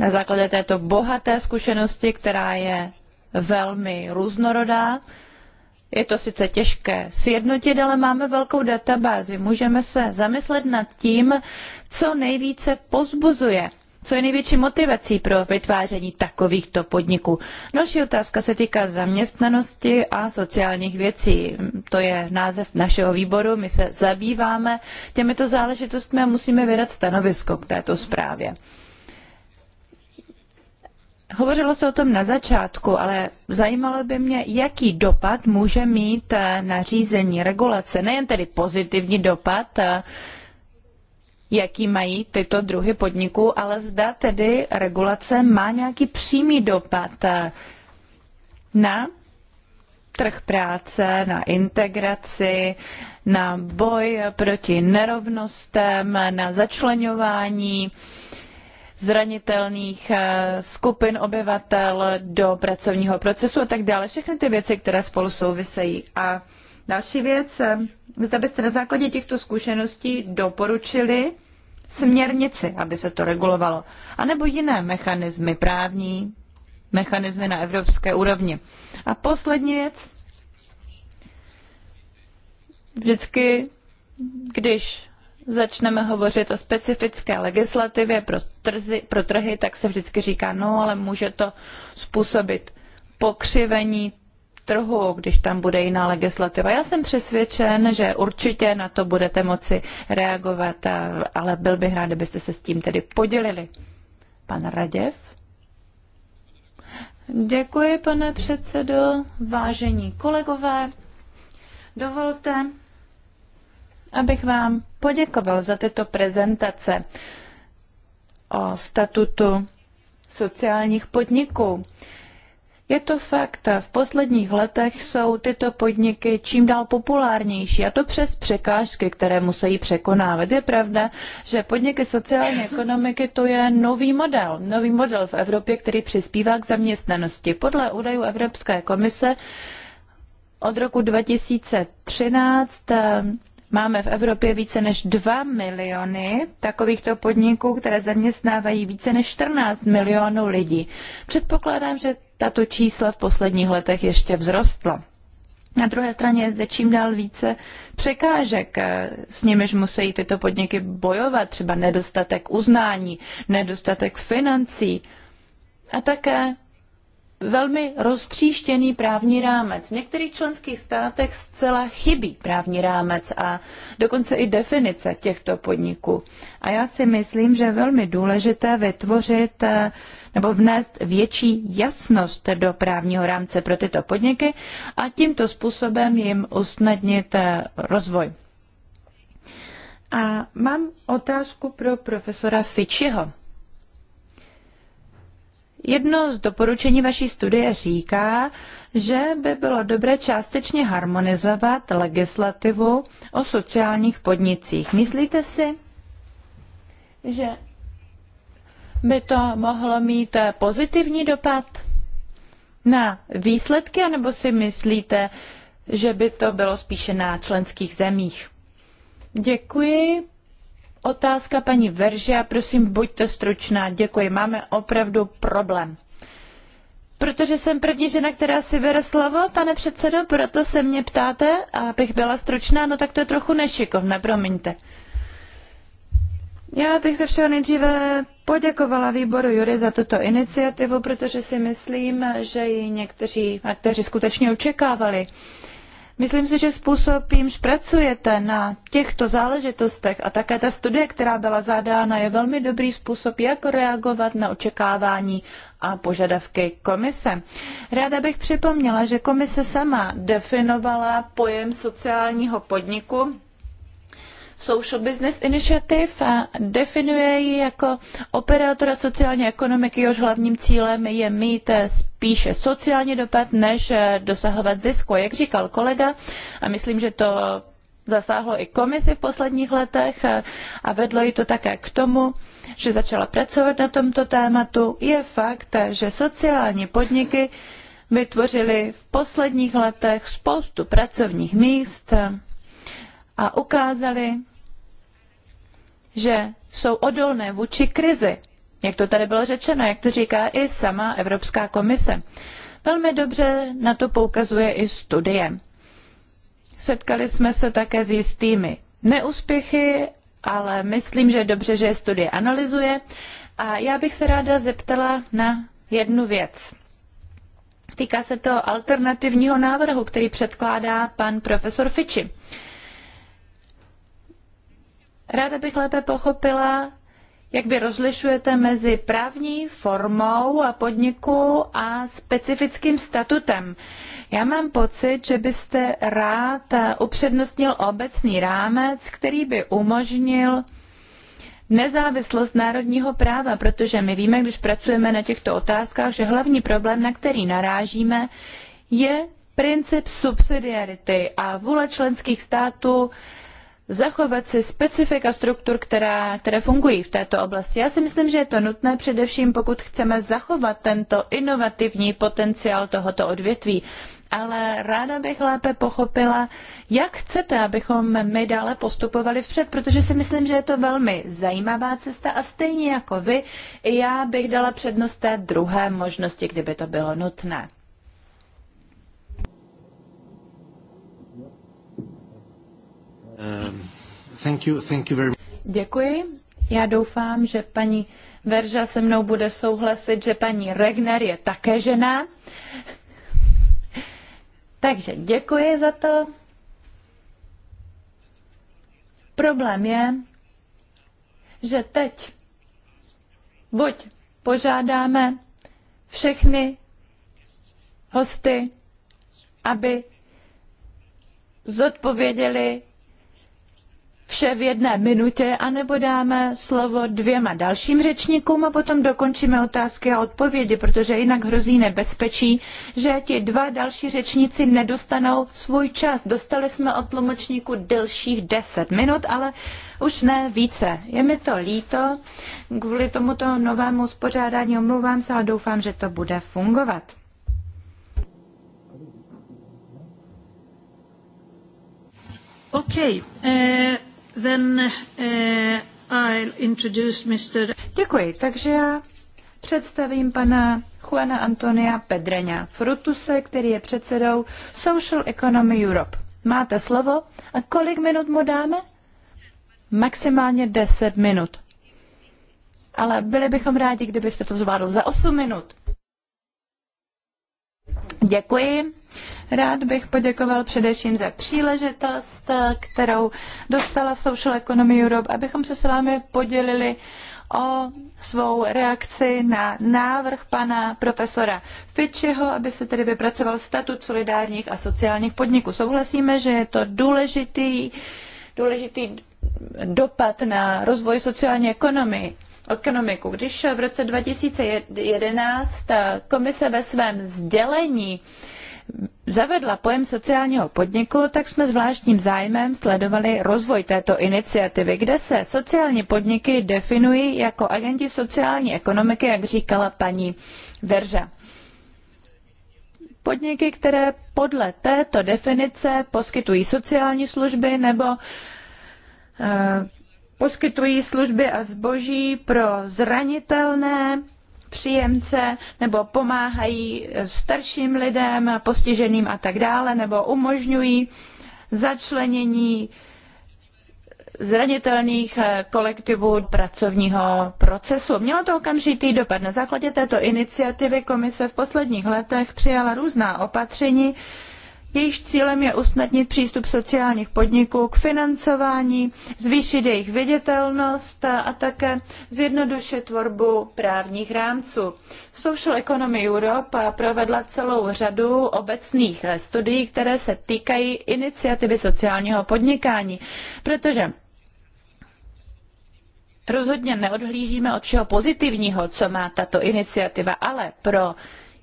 na základě této bohaté zkušenosti, která je velmi různorodá. Je to sice těžké sjednotit, ale máme velkou databázi. Můžeme se zamyslet nad tím, co nejvíce pozbuzuje co je největší motivací pro vytváření takovýchto podniků? Další otázka se týká zaměstnanosti a sociálních věcí. To je název našeho výboru. My se zabýváme těmito záležitostmi a musíme vydat stanovisko k této zprávě. Hovořilo se o tom na začátku, ale zajímalo by mě, jaký dopad může mít eh, nařízení regulace, nejen tedy pozitivní dopad, eh, jaký mají tyto druhy podniků, ale zda tedy regulace má nějaký přímý dopad eh, na trh práce, na integraci, na boj proti nerovnostem, na začlenování zranitelných eh, skupin obyvatel do pracovního procesu a tak dále. Všechny ty věci, které spolu souvisejí. A další věc, eh, zda byste na základě těchto zkušeností doporučili směrnici, aby se to regulovalo, anebo jiné mechanismy právní, mechanismy na evropské úrovni. A poslední věc, vždycky, když začneme hovořit o specifické legislativě pro, trzy, pro trhy, tak se vždycky říká, no ale může to způsobit pokřivení trhu, když tam bude jiná legislativa. Já jsem přesvědčen, že určitě na to budete moci reagovat, ale byl bych rád, kdybyste se s tím tedy podělili. Pan Raděv? Děkuji, pane předsedo, vážení kolegové. Dovolte, abych vám poděkoval za tyto prezentace o statutu sociálních podniků. Je to fakt, v posledních letech jsou tyto podniky čím dál populárnější a to přes překážky, které musí překonávat. Je pravda, že podniky sociální ekonomiky to je nový model. Nový model v Evropě, který přispívá k zaměstnanosti. Podle údajů Evropské komise od roku 2013 eh, Máme v Evropě více než 2 miliony takovýchto podniků, které zaměstnávají více než 14 milionů lidí. Předpokládám, že tato čísla v posledních letech ještě vzrostla. Na druhé straně je zde čím dál více překážek, eh, s nimiž musí tyto podniky bojovat, třeba nedostatek uznání, nedostatek financí a také velmi roztříštěný právní rámec. V některých členských státech zcela chybí právní rámec a dokonce i definice těchto podniků. A já si myslím, že je velmi důležité vytvořit eh, nebo vnést větší jasnost do právního rámce pro tyto podniky a tímto způsobem jim usnadnit eh, rozvoj. A mám otázku pro profesora Fičiho. Jedno z doporučení vaší studie říká, že by bylo dobré částečně harmonizovat legislativu o sociálních podnicích. Myslíte si, že by to mohlo mít pozitivní dopad na výsledky, anebo si myslíte, že by to bylo spíše na členských zemích? Děkuji. Otázka paní a prosím, buďte stručná. Děkuji, máme opravdu problém. Protože jsem první žena, která si bere slovo, pane předsedo, proto se mě ptáte, abych byla stručná, no tak to je trochu nešikovné, promiňte. Já bych se všeho nejdříve poděkovala výboru Jury za tuto iniciativu, protože si myslím, že ji někteří aktéři skutečně očekávali. Uh, Myslím si, že způsob, jímž pracujete na těchto záležitostech a také ta studie, která byla zadána, je velmi dobrý způsob, jak reagovat na očekávání a požadavky komise. Ráda bych připomněla, že komise sama definovala pojem sociálního podniku Social Business Initiative a definuje ji jako operátora sociální ekonomiky, jehož hlavním cílem je mít eh, spíše sociální dopad, než eh, dosahovat zisku. Jak říkal kolega, a myslím, že to zasáhlo i komisi v posledních letech eh, a vedlo ji to také k tomu, že začala pracovat na tomto tématu, je fakt, že sociální podniky vytvořily v posledních letech spoustu pracovních míst a ukázali, že jsou odolné vůči krizi, jak to tady bylo řečeno, jak to říká i sama Evropská komise. Velmi dobře na to poukazuje i studie. Setkali jsme se také s jistými neúspěchy, ale myslím, že je dobře, že je studie analyzuje. A já bych se ráda zeptala na jednu věc. Týká se to alternativního návrhu, který předkládá pan profesor Fiči. Ráda bych lépe pochopila, jak vy rozlišujete mezi právní formou a podniku a specifickým statutem. Já mám pocit, že byste rád upřednostnil obecný rámec, který by umožnil nezávislost národního práva, protože my víme, když pracujeme na těchto otázkách, že hlavní problém, na který narážíme, je princip subsidiarity a vůle členských států zachovat si specifika struktur, která, které fungují v této oblasti. Já si myslím, že je to nutné především, pokud chceme zachovat tento inovativní potenciál tohoto odvětví. Ale ráda bych lépe pochopila, jak chcete, abychom my dále postupovali vpřed, protože si myslím, že je to velmi zajímavá cesta a stejně jako vy, já bych dala přednost té druhé možnosti, kdyby to bylo nutné. Um, děkuji. Já doufám, že paní Verža se mnou bude souhlasit, že paní Regner je také žena. Takže děkuji za to. Problém je, že teď buď požádáme všechny hosty, aby zodpověděli vše v jedné minutě, anebo dáme slovo dvěma dalším řečníkům a potom dokončíme otázky a odpovědi, protože jinak hrozí nebezpečí, že ti dva další řečníci nedostanou svůj čas. Dostali jsme od tlumočníku delších deset minut, ale už ne více. Je mi to líto, kvůli tomuto novému spořádání omlouvám se, ale doufám, že to bude fungovat. Okay. Uh... Uh, Děkuji, takže já představím pana Juana Antonia Pedreňa Frutuse, který je předsedou Social Economy Europe. Máte slovo a kolik minut mu dáme? Maximálně 10 minut. Ale byli bychom rádi, kdybyste to zvládl za 8 minut. Děkuji. Rád bych poděkoval především za příležitost, kterou dostala Social Economy Europe, abychom se s vámi podělili o svou reakci na návrh pana profesora Fitchiho, aby se tedy vypracoval statut solidárních a sociálních podniků. Souhlasíme, že je to důležitý, důležitý dopad na rozvoj sociální ekonomii ekonomiku. Když v roce 2011 eh, komise ve svém sdělení zavedla pojem sociálního podniku, tak jsme zvláštním zájmem sledovali rozvoj této iniciativy, kde se sociální podniky definují jako agenti sociální ekonomiky, jak říkala paní Verža. Podniky, které podle této definice poskytují sociální služby nebo eh, poskytují služby a zboží pro zranitelné příjemce nebo pomáhají starším lidem, postiženým a tak dále, nebo umožňují začlenění zranitelných kolektivů pracovního procesu. Mělo to okamžitý dopad. Na základě této iniciativy komise v posledních letech přijala různá opatření, jejíž cílem je usnadnit přístup sociálních podniků k financování, zvýšit jejich viditelnost a také zjednodušit tvorbu právních rámců. Social Economy Europe provedla celou řadu obecných studií, které se týkají iniciativy sociálního podnikání, protože rozhodně neodhlížíme od všeho pozitivního, co má tato iniciativa, ale pro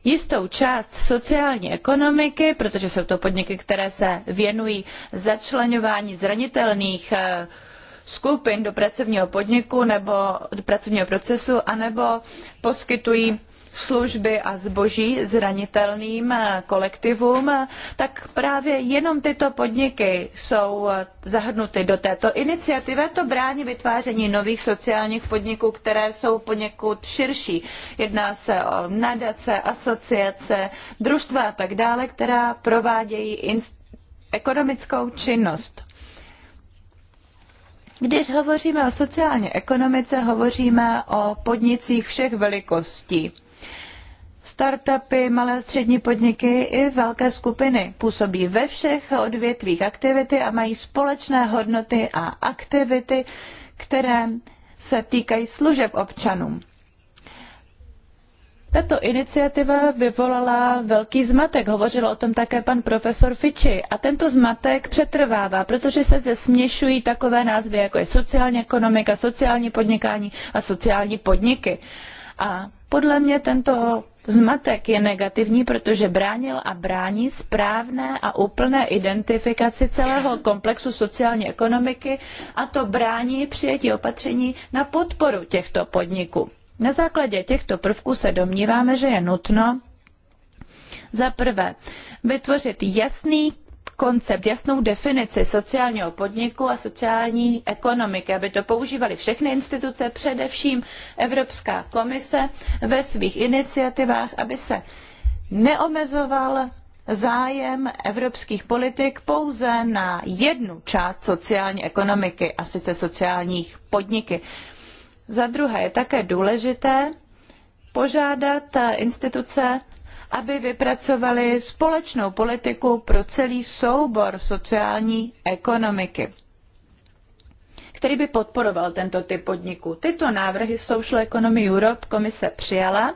jistou část sociální ekonomiky, protože jsou to podniky, které se věnují začlenování zranitelných eh, skupin do pracovního podniku nebo do pracovního procesu, anebo poskytují služby a zboží zranitelným eh, kolektivům, eh, tak právě jenom tyto podniky jsou eh, zahrnuty do této iniciativy. To brání vytváření nových sociálních podniků, které jsou poněkud širší. Jedná se o nadace, asociace, družstva a tak dále, která provádějí ekonomickou činnost. Když hovoříme o sociální ekonomice, hovoříme o podnicích všech velikostí Startupy, malé a střední podniky i velké skupiny působí ve všech odvětvích aktivity a mají společné hodnoty a aktivity, které se týkají služeb občanům. Tato iniciativa vyvolala velký zmatek, hovořil o tom také pan profesor Fiči. A tento zmatek přetrvává, protože se zde směšují takové názvy, jako je sociální ekonomika, sociální podnikání a sociální podniky. A podle mě tento zmatek je negativní, protože bránil a brání správné a úplné identifikaci celého komplexu sociální ekonomiky a to brání přijetí opatření na podporu těchto podniků. Na základě těchto prvků se domníváme, že je nutno za prvé vytvořit jasný koncept, jasnou definici sociálního podniku a sociální ekonomiky, aby to používaly všechny instituce, především Evropská komise ve svých iniciativách, aby se neomezoval zájem evropských politik pouze na jednu část sociální ekonomiky, a sice sociálních podniky. Za druhé je také důležité požádat instituce aby vypracovali společnou politiku pro celý soubor sociální ekonomiky který by podporoval tento typ podniků. Tyto návrhy Social Economy Europe komise přijala.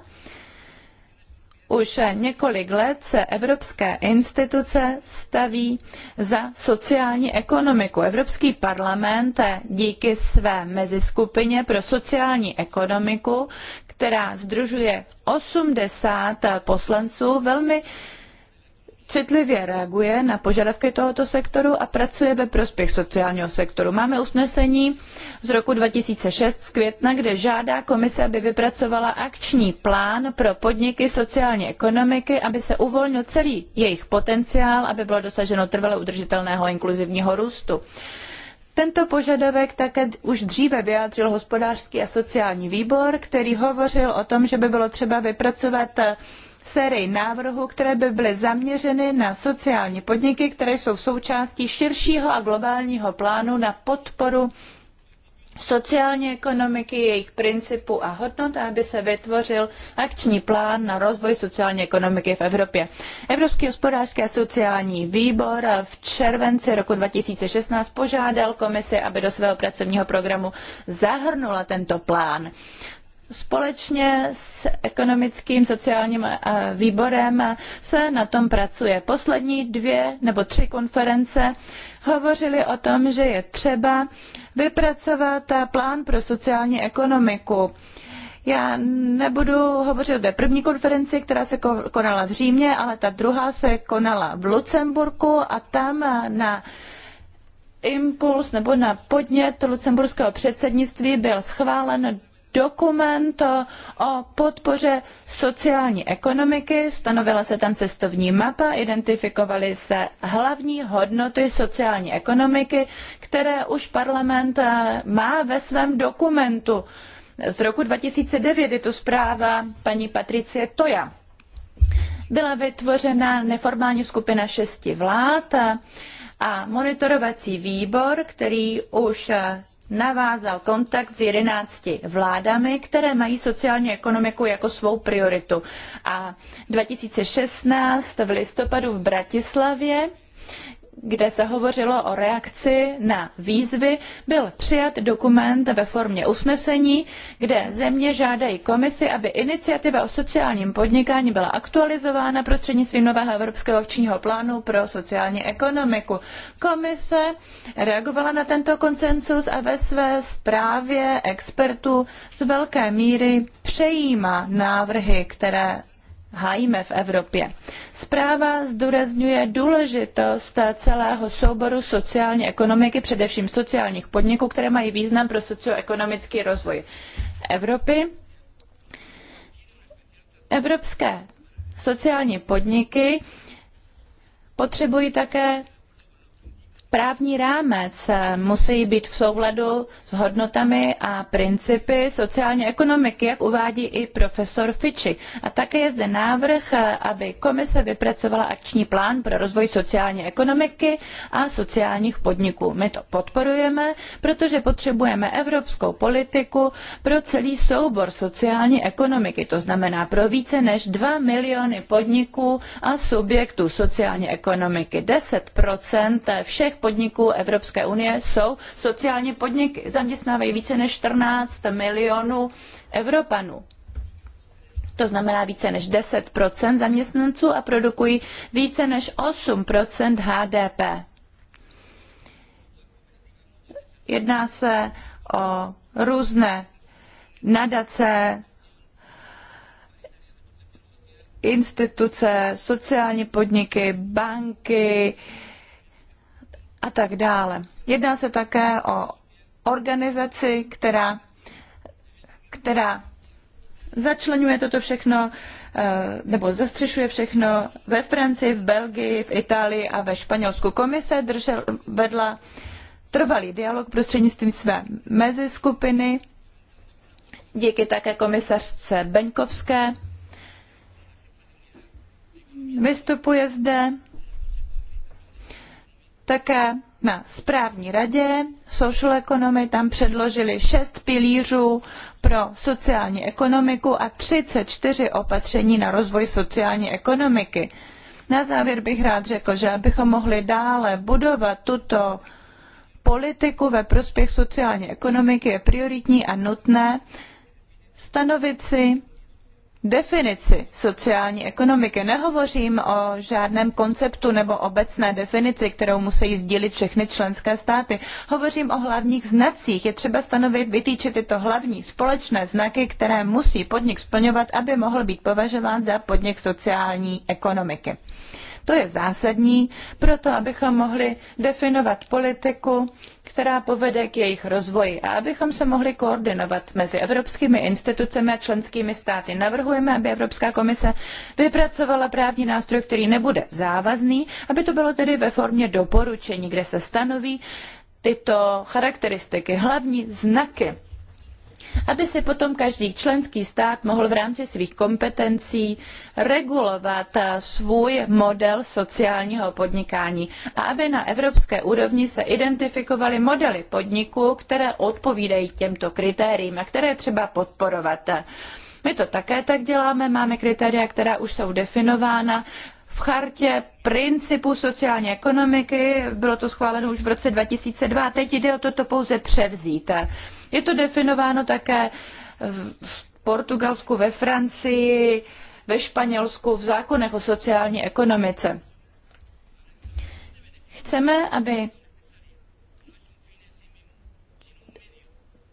Už několik let se evropské instituce staví za sociální ekonomiku. Evropský parlament díky své meziskupině pro sociální ekonomiku, která združuje 80 poslanců, velmi citlivě reaguje na požadavky tohoto sektoru a pracuje ve prospěch sociálního sektoru. Máme usnesení z roku 2006 z května, kde žádá komise, aby vypracovala akční plán pro podniky sociální ekonomiky, aby se uvolnil celý jejich potenciál, aby bylo dosaženo trvale udržitelného inkluzivního růstu. Tento požadavek také už dříve vyjádřil hospodářský a sociální výbor, který hovořil o tom, že by bylo třeba vypracovat eh, sérii návrhů, které by byly zaměřeny na sociální podniky, které jsou součástí širšího a globálního plánu na podporu sociální ekonomiky, jejich principů a hodnot, aby se vytvořil akční plán na rozvoj sociální ekonomiky v Evropě. Evropský hospodářský a sociální výbor v červenci roku 2016 požádal komisi, aby do svého pracovního programu zahrnula tento plán. Společně s ekonomickým sociálním eh, výborem se na tom pracuje. Poslední dvě nebo tři konference hovořili o tom, že je třeba vypracovat eh, plán pro sociální ekonomiku. Já nebudu hovořit o té první konferenci, která se konala v Římě, ale ta druhá se konala v Lucemburku a tam eh, na impuls nebo na podnět lucemburského předsednictví byl schválen dokument o podpoře sociální ekonomiky, stanovila se tam cestovní mapa, identifikovaly se hlavní hodnoty sociální ekonomiky, které už parlament eh, má ve svém dokumentu. Z roku 2009 je to zpráva paní Patricie Toja. Byla vytvořena neformální skupina šesti vlád a monitorovací výbor, který už eh, navázal kontakt s 11 vládami, které mají sociální ekonomiku jako svou prioritu. A 2016 v listopadu v Bratislavě kde se hovořilo o reakci na výzvy, byl přijat dokument ve formě usnesení, kde země žádají komisi, aby iniciativa o sociálním podnikání byla aktualizována prostřednictvím nového Evropského akčního plánu pro sociální ekonomiku. Komise reagovala na tento konsensus a ve své zprávě expertů z velké míry přejímá návrhy, které hájíme v Evropě. Zpráva zdůrazňuje důležitost celého souboru sociální ekonomiky, především sociálních podniků, které mají význam pro socioekonomický rozvoj Evropy. Evropské sociální podniky potřebují také Právní rámec eh, musí být v souladu s hodnotami a principy sociální ekonomiky, jak uvádí i profesor Fiči. A také je zde návrh, eh, aby komise vypracovala akční plán pro rozvoj sociální ekonomiky a sociálních podniků. My to podporujeme, protože potřebujeme evropskou politiku pro celý soubor sociální ekonomiky, to znamená pro více než 2 miliony podniků a subjektů sociální ekonomiky. 10 všech podniků Evropské unie jsou sociální podniky. Zaměstnávají více než 14 milionů Evropanů. To znamená více než 10 zaměstnanců a produkují více než 8 HDP. Jedná se o různé nadace, instituce, sociální podniky, banky, a tak dále. Jedná se také o organizaci, která, která začlenuje toto všechno eh, nebo zastřešuje všechno ve Francii, v Belgii, v Itálii a ve Španělsku. Komise držel, vedla trvalý dialog prostřednictvím své meziskupiny, díky také komisařce Beňkovské. Vystupuje zde také na správní radě social economy, tam předložili šest pilířů pro sociální ekonomiku a 34 opatření na rozvoj sociální ekonomiky. Na závěr bych rád řekl, že abychom mohli dále budovat tuto politiku ve prospěch sociální ekonomiky, je prioritní a nutné stanovit si definici sociální ekonomiky. Nehovořím o žádném konceptu nebo obecné definici, kterou musí sdělit všechny členské státy. Hovořím o hlavních znacích. Je třeba stanovit, vytýčit tyto hlavní společné znaky, které musí podnik splňovat, aby mohl být považován za podnik sociální ekonomiky. To je zásadní proto, abychom mohli definovat politiku, která povede k jejich rozvoji. A abychom se mohli koordinovat mezi evropskými institucemi a členskými státy, navrhujeme, aby Evropská komise vypracovala právní nástroj, který nebude závazný, aby to bylo tedy ve formě doporučení, kde se stanoví tyto charakteristiky, hlavní znaky aby si potom každý členský stát mohl v rámci svých kompetencí regulovat eh, svůj model sociálního podnikání a aby na evropské úrovni se identifikovaly modely podniků, které odpovídají těmto kritériím a které třeba podporovat. My to také tak děláme, máme kritéria, která už jsou definována v chartě principů sociální ekonomiky, bylo to schváleno už v roce 2002, teď jde o toto pouze převzít. Je to definováno také v Portugalsku, ve Francii, ve Španělsku, v zákonech o sociální ekonomice. Chceme, aby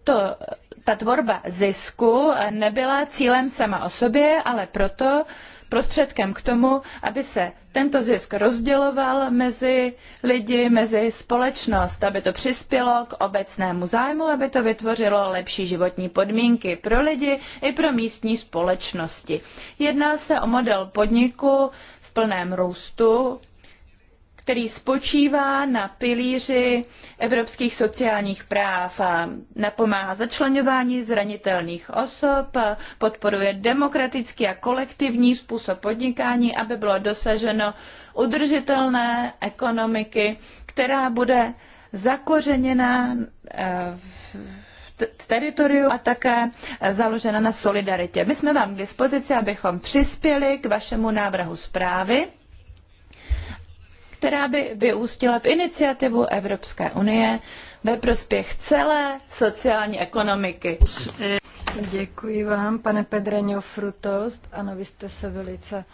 to, ta tvorba zisku nebyla cílem sama o sobě, ale proto prostředkem k tomu, aby se tento zisk rozděloval mezi lidi, mezi společnost, aby to přispělo k obecnému zájmu, aby to vytvořilo lepší životní podmínky pro lidi i pro místní společnosti. Jedná se o model podniku v plném růstu, který spočívá na pilíři evropských sociálních práv a napomáhá začlenování zranitelných osob, podporuje demokratický a kolektivní způsob podnikání, aby bylo dosaženo udržitelné ekonomiky, která bude zakořeněna eh, v teritoriu a také eh, založena na solidaritě. My jsme vám k dispozici, abychom přispěli k vašemu návrhu zprávy která by vyústila v iniciativu Evropské unie ve prospěch celé sociální ekonomiky. Děkuji vám, pane Pedreňo Frutost. Ano, vy jste se velice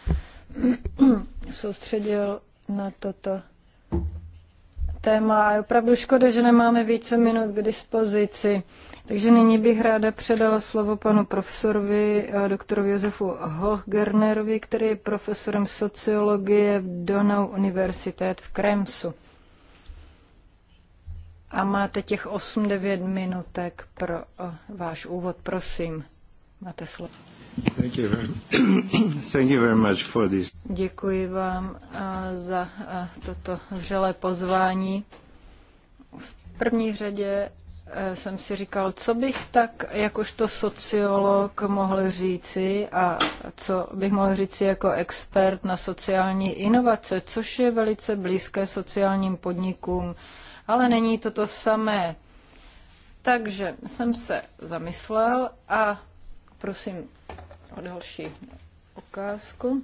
*clears throat* soustředil na toto téma. Je opravdu škoda, že nemáme více minut k dispozici. Takže nyní bych ráda předala slovo panu profesorovi, eh, doktorovi Josefu Hochgernerovi, který je profesorem sociologie v Donau Universität v Kremsu. A máte těch 8-9 minutek pro eh, váš úvod, prosím. Máte slovo. Thank you very, *coughs* thank you very much for this. Děkuji vám eh, za toto vřelé pozvání. V první řadě Eh, jsem si říkal, co bych tak jakožto sociolog mohl říci a co bych mohl říci jako expert na sociální inovace, což je velice blízké sociálním podnikům, ale není to to samé. Takže jsem se zamyslel a prosím o další ukázku.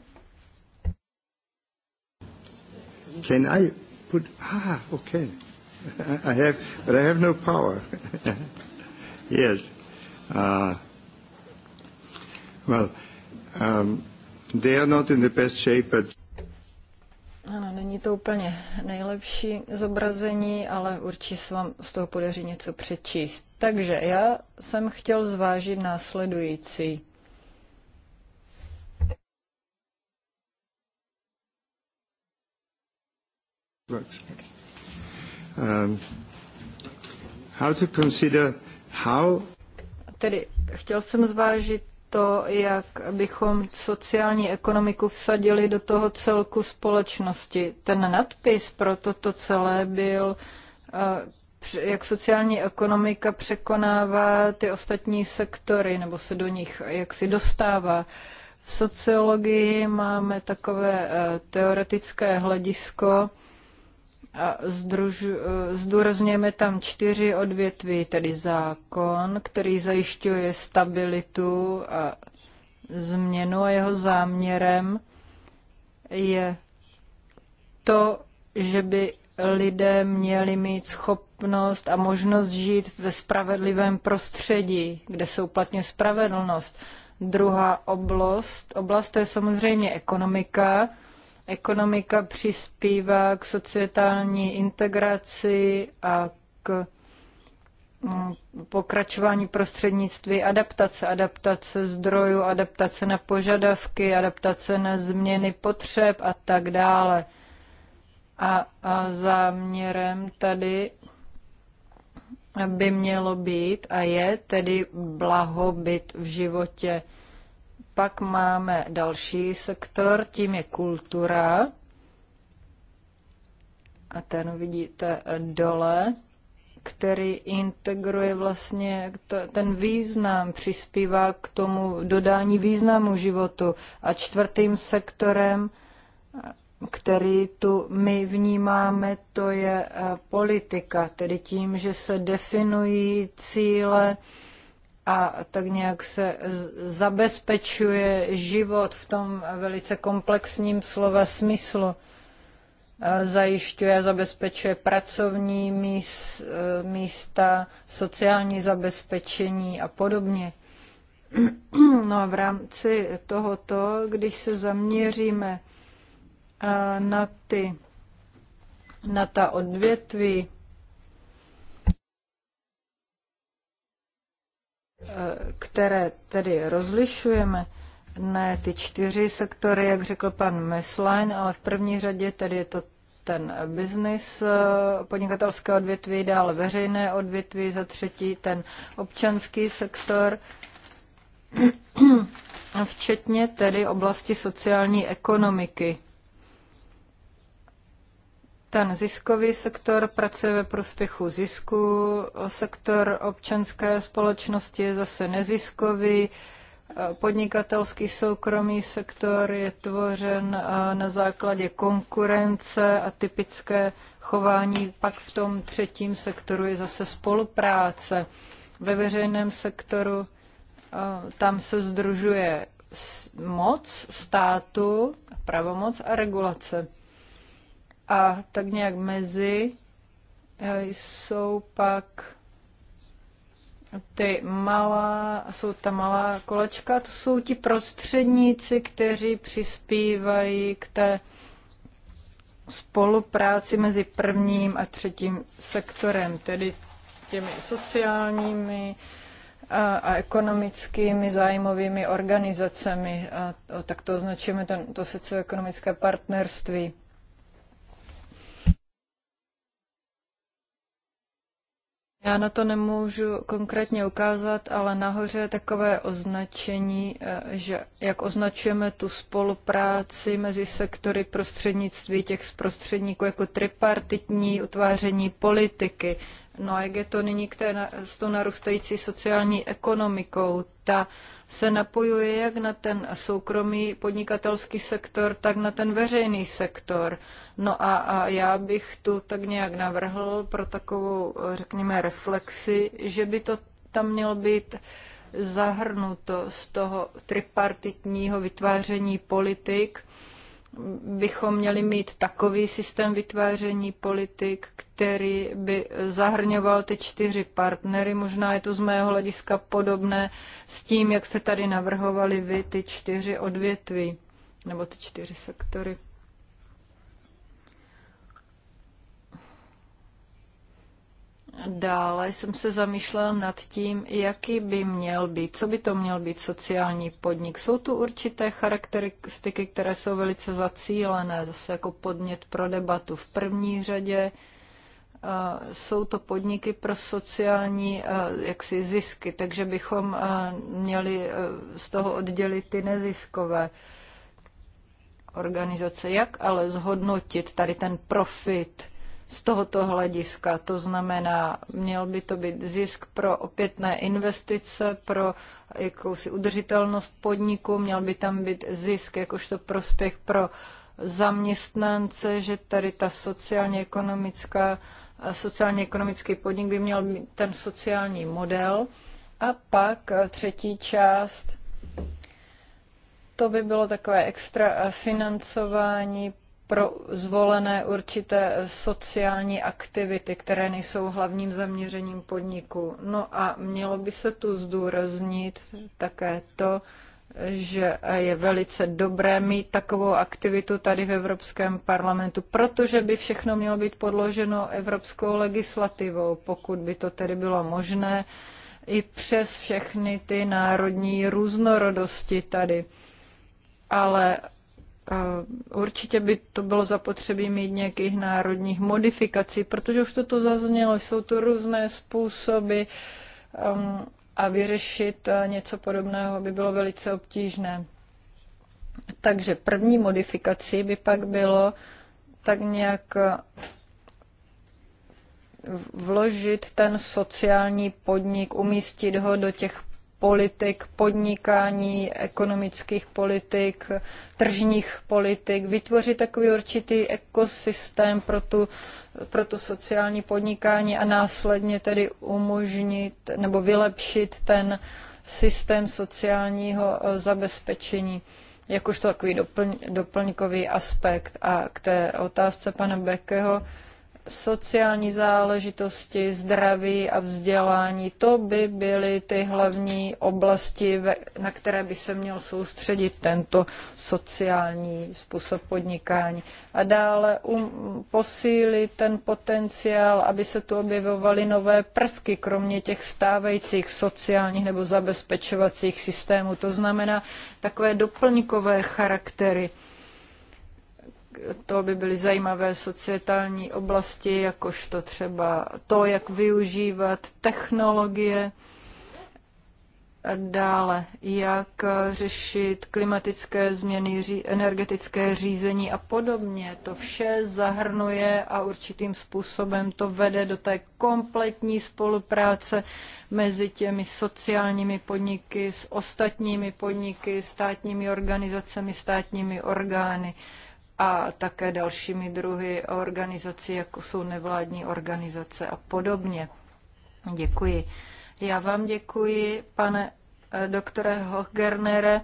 Can I put... Ah, okay. *laughs* I have, but I have no power. *laughs* yes. Uh, well, um, they are not in the best shape, but ano, není to úplně nejlepší zobrazení, ale určitě se vám z toho podaří něco přečíst. Takže já jsem chtěl zvážit následující. Works. Okay. Um, how to consider how... Tedy chtěl jsem zvážit to, jak bychom sociální ekonomiku vsadili do toho celku společnosti. Ten nadpis pro toto celé byl, uh, jak sociální ekonomika překonává ty ostatní sektory, nebo se do nich jak si dostává. V sociologii máme takové uh, teoretické hledisko, a zdůrazněme tam čtyři odvětví, tedy zákon, který zajišťuje stabilitu a změnu a jeho záměrem je to, že by lidé měli mít schopnost a možnost žít ve spravedlivém prostředí, kde se uplatňuje spravedlnost. Druhá oblast, oblast to je samozřejmě ekonomika, Ekonomika přispívá k sociální integraci a k mm, pokračování prostřednictví adaptace, adaptace zdrojů, adaptace na požadavky, adaptace na změny potřeb a tak dále. A, a záměrem tady by mělo být a je tedy blahobyt v životě pak máme další sektor, tím je kultura. A ten vidíte dole, který integruje vlastně ten význam, přispívá k tomu dodání významu životu. A čtvrtým sektorem, který tu my vnímáme, to je eh, politika, tedy tím, že se definují cíle, a tak nějak se zabezpečuje život v tom velice komplexním slova smyslu. E, zajišťuje, zabezpečuje pracovní e, místa, sociální zabezpečení a podobně. *clears throat* No a v rámci tohoto, když se zaměříme e, na ty, na ta odvětví, které tedy rozlišujeme, ne ty čtyři sektory, jak řekl pan Meslein, ale v první řadě tedy je to ten biznis eh, podnikatelské odvětví, dále veřejné odvětví, za třetí ten občanský sektor, *clears throat* včetně tedy oblasti sociální ekonomiky. Ten ziskový sektor pracuje ve prospěchu zisku, sektor občanské společnosti je zase neziskový, podnikatelský soukromý sektor je tvořen eh, na základě konkurence a typické chování pak v tom třetím sektoru je zase spolupráce. Ve veřejném sektoru eh, tam se združuje moc státu, pravomoc a regulace a tak nějak mezi eh, jsou pak ty malá, jsou ta malá kolečka, to jsou ti prostředníci, kteří přispívají k té spolupráci mezi prvním a třetím sektorem, tedy těmi sociálními a, eh, a ekonomickými zájmovými organizacemi. A, a tak to označujeme to, to socioekonomické partnerství. Já na to nemůžu konkrétně ukázat, ale nahoře je takové označení, eh, že jak označujeme tu spolupráci mezi sektory prostřednictví těch zprostředníků jako tripartitní utváření politiky. No a jak je to nyní k té, s tou narůstající sociální ekonomikou, ta se napojuje jak na ten soukromý podnikatelský sektor, tak na ten veřejný sektor. No a, a já bych tu tak nějak navrhl pro takovou, řekněme, reflexi, že by to tam mělo být zahrnuto z toho tripartitního vytváření politik, bychom měli mít takový systém vytváření politik, který by zahrňoval ty čtyři partnery. Možná je to z mého hlediska podobné s tím, jak jste tady navrhovali vy ty čtyři odvětví nebo ty čtyři sektory. Dále jsem se zamýšlel nad tím, jaký by měl být, co by to měl být sociální podnik. Jsou tu určité charakteristiky, které jsou velice zacílené, zase jako podnět pro debatu. V první řadě jsou to podniky pro sociální jaksi zisky, takže bychom měli z toho oddělit ty neziskové organizace. Jak ale zhodnotit tady ten profit? z tohoto hlediska. To znamená, měl by to být zisk pro opětné investice, pro jakousi udržitelnost podniku, měl by tam být zisk jakožto prospěch pro zaměstnance, že tady ta sociálně ekonomická sociálně ekonomický podnik by měl mít ten sociální model. A pak třetí část, to by bylo takové extra financování pro zvolené určité sociální aktivity, které nejsou hlavním zaměřením podniku. No a mělo by se tu zdůraznit také to, že je velice dobré mít takovou aktivitu tady v Evropském parlamentu, protože by všechno mělo být podloženo evropskou legislativou, pokud by to tedy bylo možné, i přes všechny ty národní různorodosti tady. Ale Určitě by to bylo zapotřebí mít nějakých národních modifikací, protože už toto zaznělo, jsou to různé způsoby um, a vyřešit eh, něco podobného by bylo velice obtížné. Takže první modifikací by pak bylo tak nějak eh, vložit ten sociální podnik, umístit ho do těch politik, podnikání, ekonomických politik, tržních politik, vytvořit takový určitý ekosystém pro, tu, pro to sociální podnikání a následně tedy umožnit nebo vylepšit ten systém sociálního eh, zabezpečení jakožto takový doplň, doplňkový aspekt. A k té otázce pana Bekeho, sociální záležitosti, zdraví a vzdělání. To by byly ty hlavní oblasti, na které by se měl soustředit tento sociální způsob podnikání. A dále um, posílit ten potenciál, aby se tu objevovaly nové prvky, kromě těch stávajících sociálních nebo zabezpečovacích systémů. To znamená takové doplňkové charaktery to by byly zajímavé societální oblasti, jakožto třeba to, jak využívat technologie, a dále, jak řešit klimatické změny, energetické řízení a podobně. To vše zahrnuje a určitým způsobem to vede do té kompletní spolupráce mezi těmi sociálními podniky, s ostatními podniky, státními organizacemi, státními orgány a také dalšími druhy organizací, jako jsou nevládní organizace a podobně. Děkuji. Já vám děkuji, pane eh, doktore Hochgernere.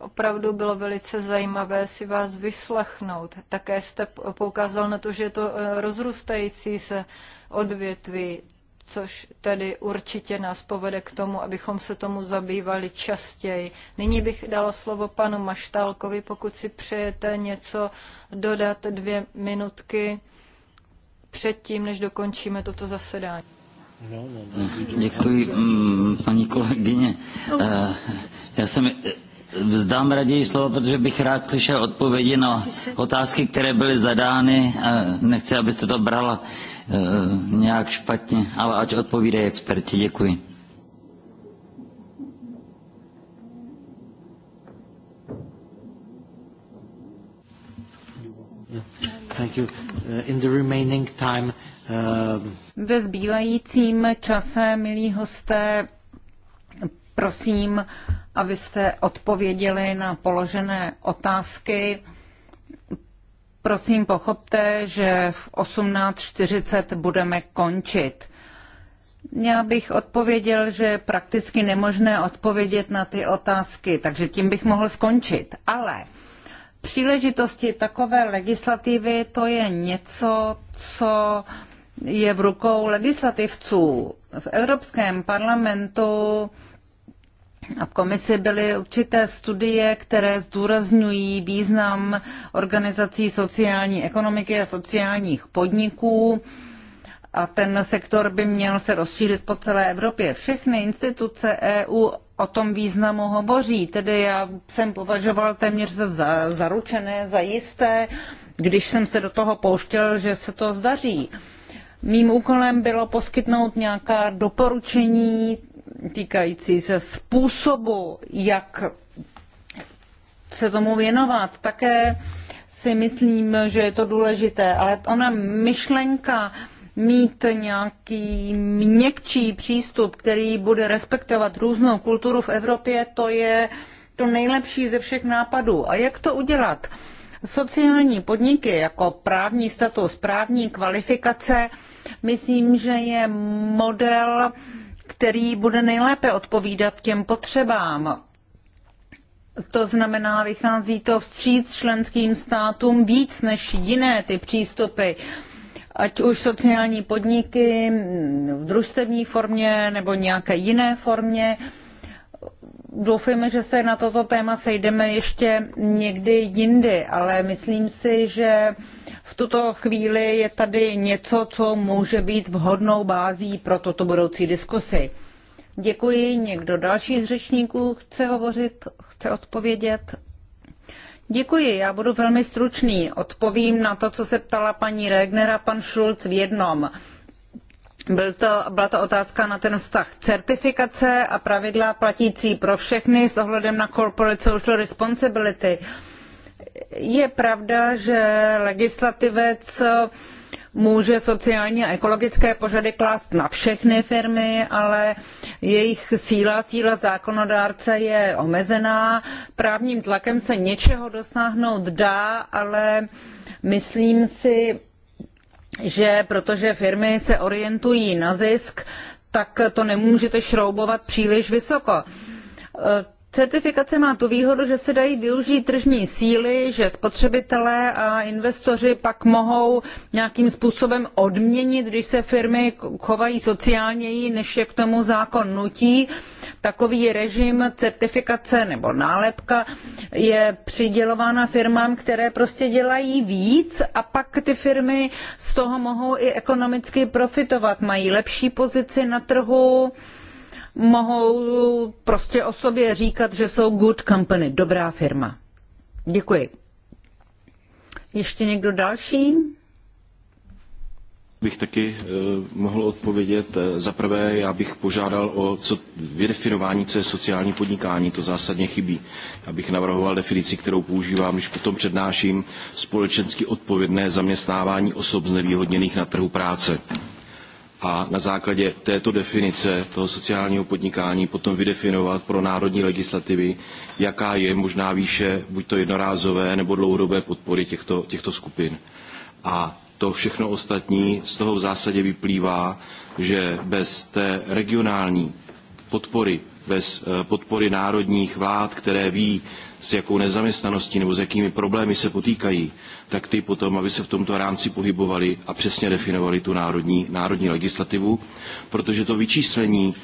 Opravdu bylo velice zajímavé si vás vyslechnout. Také jste poukázal na to, že je to eh, rozrůstající se odvětví což tedy určitě nás povede k tomu, abychom se tomu zabývali častěji. Nyní bych dala slovo panu Maštálkovi, pokud si přejete něco dodat dvě minutky předtím, než dokončíme toto zasedání. No, no, no. Děkuji, mm, paní kolegyně. Eh, já jsem vzdám raději slovo, protože bych rád slyšel odpovědi na otázky, které byly zadány. Nechci, abyste to brala eh, nějak špatně, ale ať odpovídají experti. Děkuji. Thank you. Eh, in the remaining time, uh... Ve zbývajícím čase, milí hosté, Prosím, abyste odpověděli na položené otázky. Prosím, pochopte, že v 18.40 budeme končit. Já bych odpověděl, že je prakticky nemožné odpovědět na ty otázky, takže tím bych mohl skončit. Ale příležitosti takové legislativy, to je něco, co je v rukou legislativců. V Evropském parlamentu a v komisi byly určité studie, které zdůrazňují význam organizací sociální ekonomiky a sociálních podniků. A ten sektor by měl se rozšířit po celé Evropě. Všechny instituce EU o tom významu hovoří. Tedy já jsem považoval téměř za, za zaručené, za jisté, když jsem se do toho pouštěl, že se to zdaří. Mým úkolem bylo poskytnout nějaká doporučení týkající se způsobu, jak se tomu věnovat, také si myslím, že je to důležité, ale ona myšlenka mít nějaký měkčí přístup, který bude respektovat různou kulturu v Evropě, to je to nejlepší ze všech nápadů. A jak to udělat? Sociální podniky jako právní status, právní kvalifikace, myslím, že je model, který bude nejlépe odpovídat těm potřebám. To znamená, vychází to vstříc členským státům víc než jiné ty přístupy, ať už sociální podniky v družstevní formě nebo nějaké jiné formě. Doufujeme, že se na toto téma sejdeme ještě někdy jindy, ale myslím si, že v tuto chvíli je tady něco, co může být vhodnou bází pro toto budoucí diskusi. Děkuji. Někdo další z řečníků chce hovořit, chce odpovědět? Děkuji, já budu velmi stručný. Odpovím na to, co se ptala paní Regner a pan Schulz v jednom. Byl to, byla to otázka na ten vztah certifikace a pravidla platící pro všechny s ohledem na corporate social responsibility. Uh, je pravda, že legislativec může sociální a ekologické požady klást na všechny firmy, ale jejich síla, síla zákonodárce je omezená. Právním tlakem se něčeho dosáhnout dá, ale myslím si, že protože firmy se orientují na zisk, tak to nemůžete šroubovat příliš vysoko Certifikace má tu výhodu, že se dají využít tržní síly, že spotřebitelé a investoři pak mohou nějakým způsobem odměnit, když se firmy chovají sociálněji, než je k tomu zákon nutí. Takový režim certifikace nebo nálepka je přidělována firmám, které prostě dělají víc a pak ty firmy z toho mohou i ekonomicky profitovat. Mají lepší pozici na trhu, mohou prostě o sobě říkat, že jsou good company, dobrá firma. Děkuji. Ještě někdo další? bych taky eh, mohl odpovědět. Eh, za prvé, já bych požádal o co, vydefinování, co je sociální podnikání, to zásadně chybí. Já bych navrhoval definici, kterou používám, když potom přednáším společensky odpovědné zaměstnávání osob znevýhodněných na trhu práce a na základě této definice toho sociálního podnikání potom vydefinovat pro národní legislativy, jaká je možná výše buď to jednorázové nebo dlouhodobé podpory těchto, těchto skupin. A to všechno ostatní z toho v zásadě vyplývá, že bez té regionální podpory, bez eh, podpory národních vlád, které ví, s jakou nezaměstnaností nebo s jakými problémy se potýkají, tak ty potom, aby se v tomto rámci pohybovali a přesně definovali tu národní, národní legislativu, protože to vyčíslení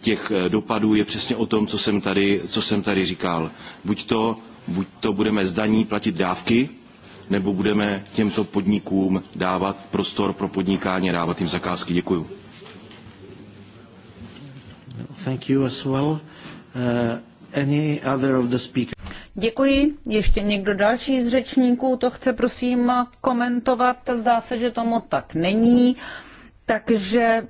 těch eh, dopadů je přesně o tom, co jsem tady, co jsem tady říkal. Buď to, buď to budeme zdaní platit dávky, nebo budeme těmto podnikům dávat prostor pro podnikání a dávat jim zakázky. Děkuju. Thank you as well. Uh, any other of the speakers? Děkuji. Ještě někdo další z řečníků to chce prosím komentovat. Zdá se, že tomu tak není. Takže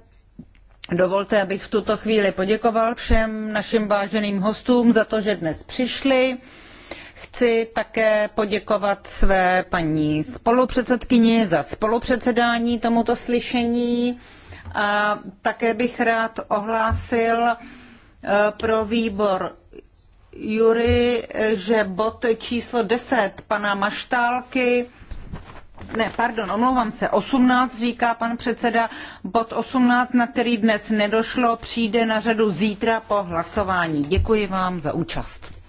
dovolte, abych v tuto chvíli poděkoval všem našim váženým hostům za to, že dnes přišli. Chci také poděkovat své paní spolupředsedkyni za spolupředsedání tomuto slyšení. A také bych rád ohlásil eh, pro výbor Jury, že bod číslo 10 pana Maštálky, ne, pardon, omlouvám se, 18, říká pan předseda, bod 18, na který dnes nedošlo, přijde na řadu zítra po hlasování. Děkuji vám za účast.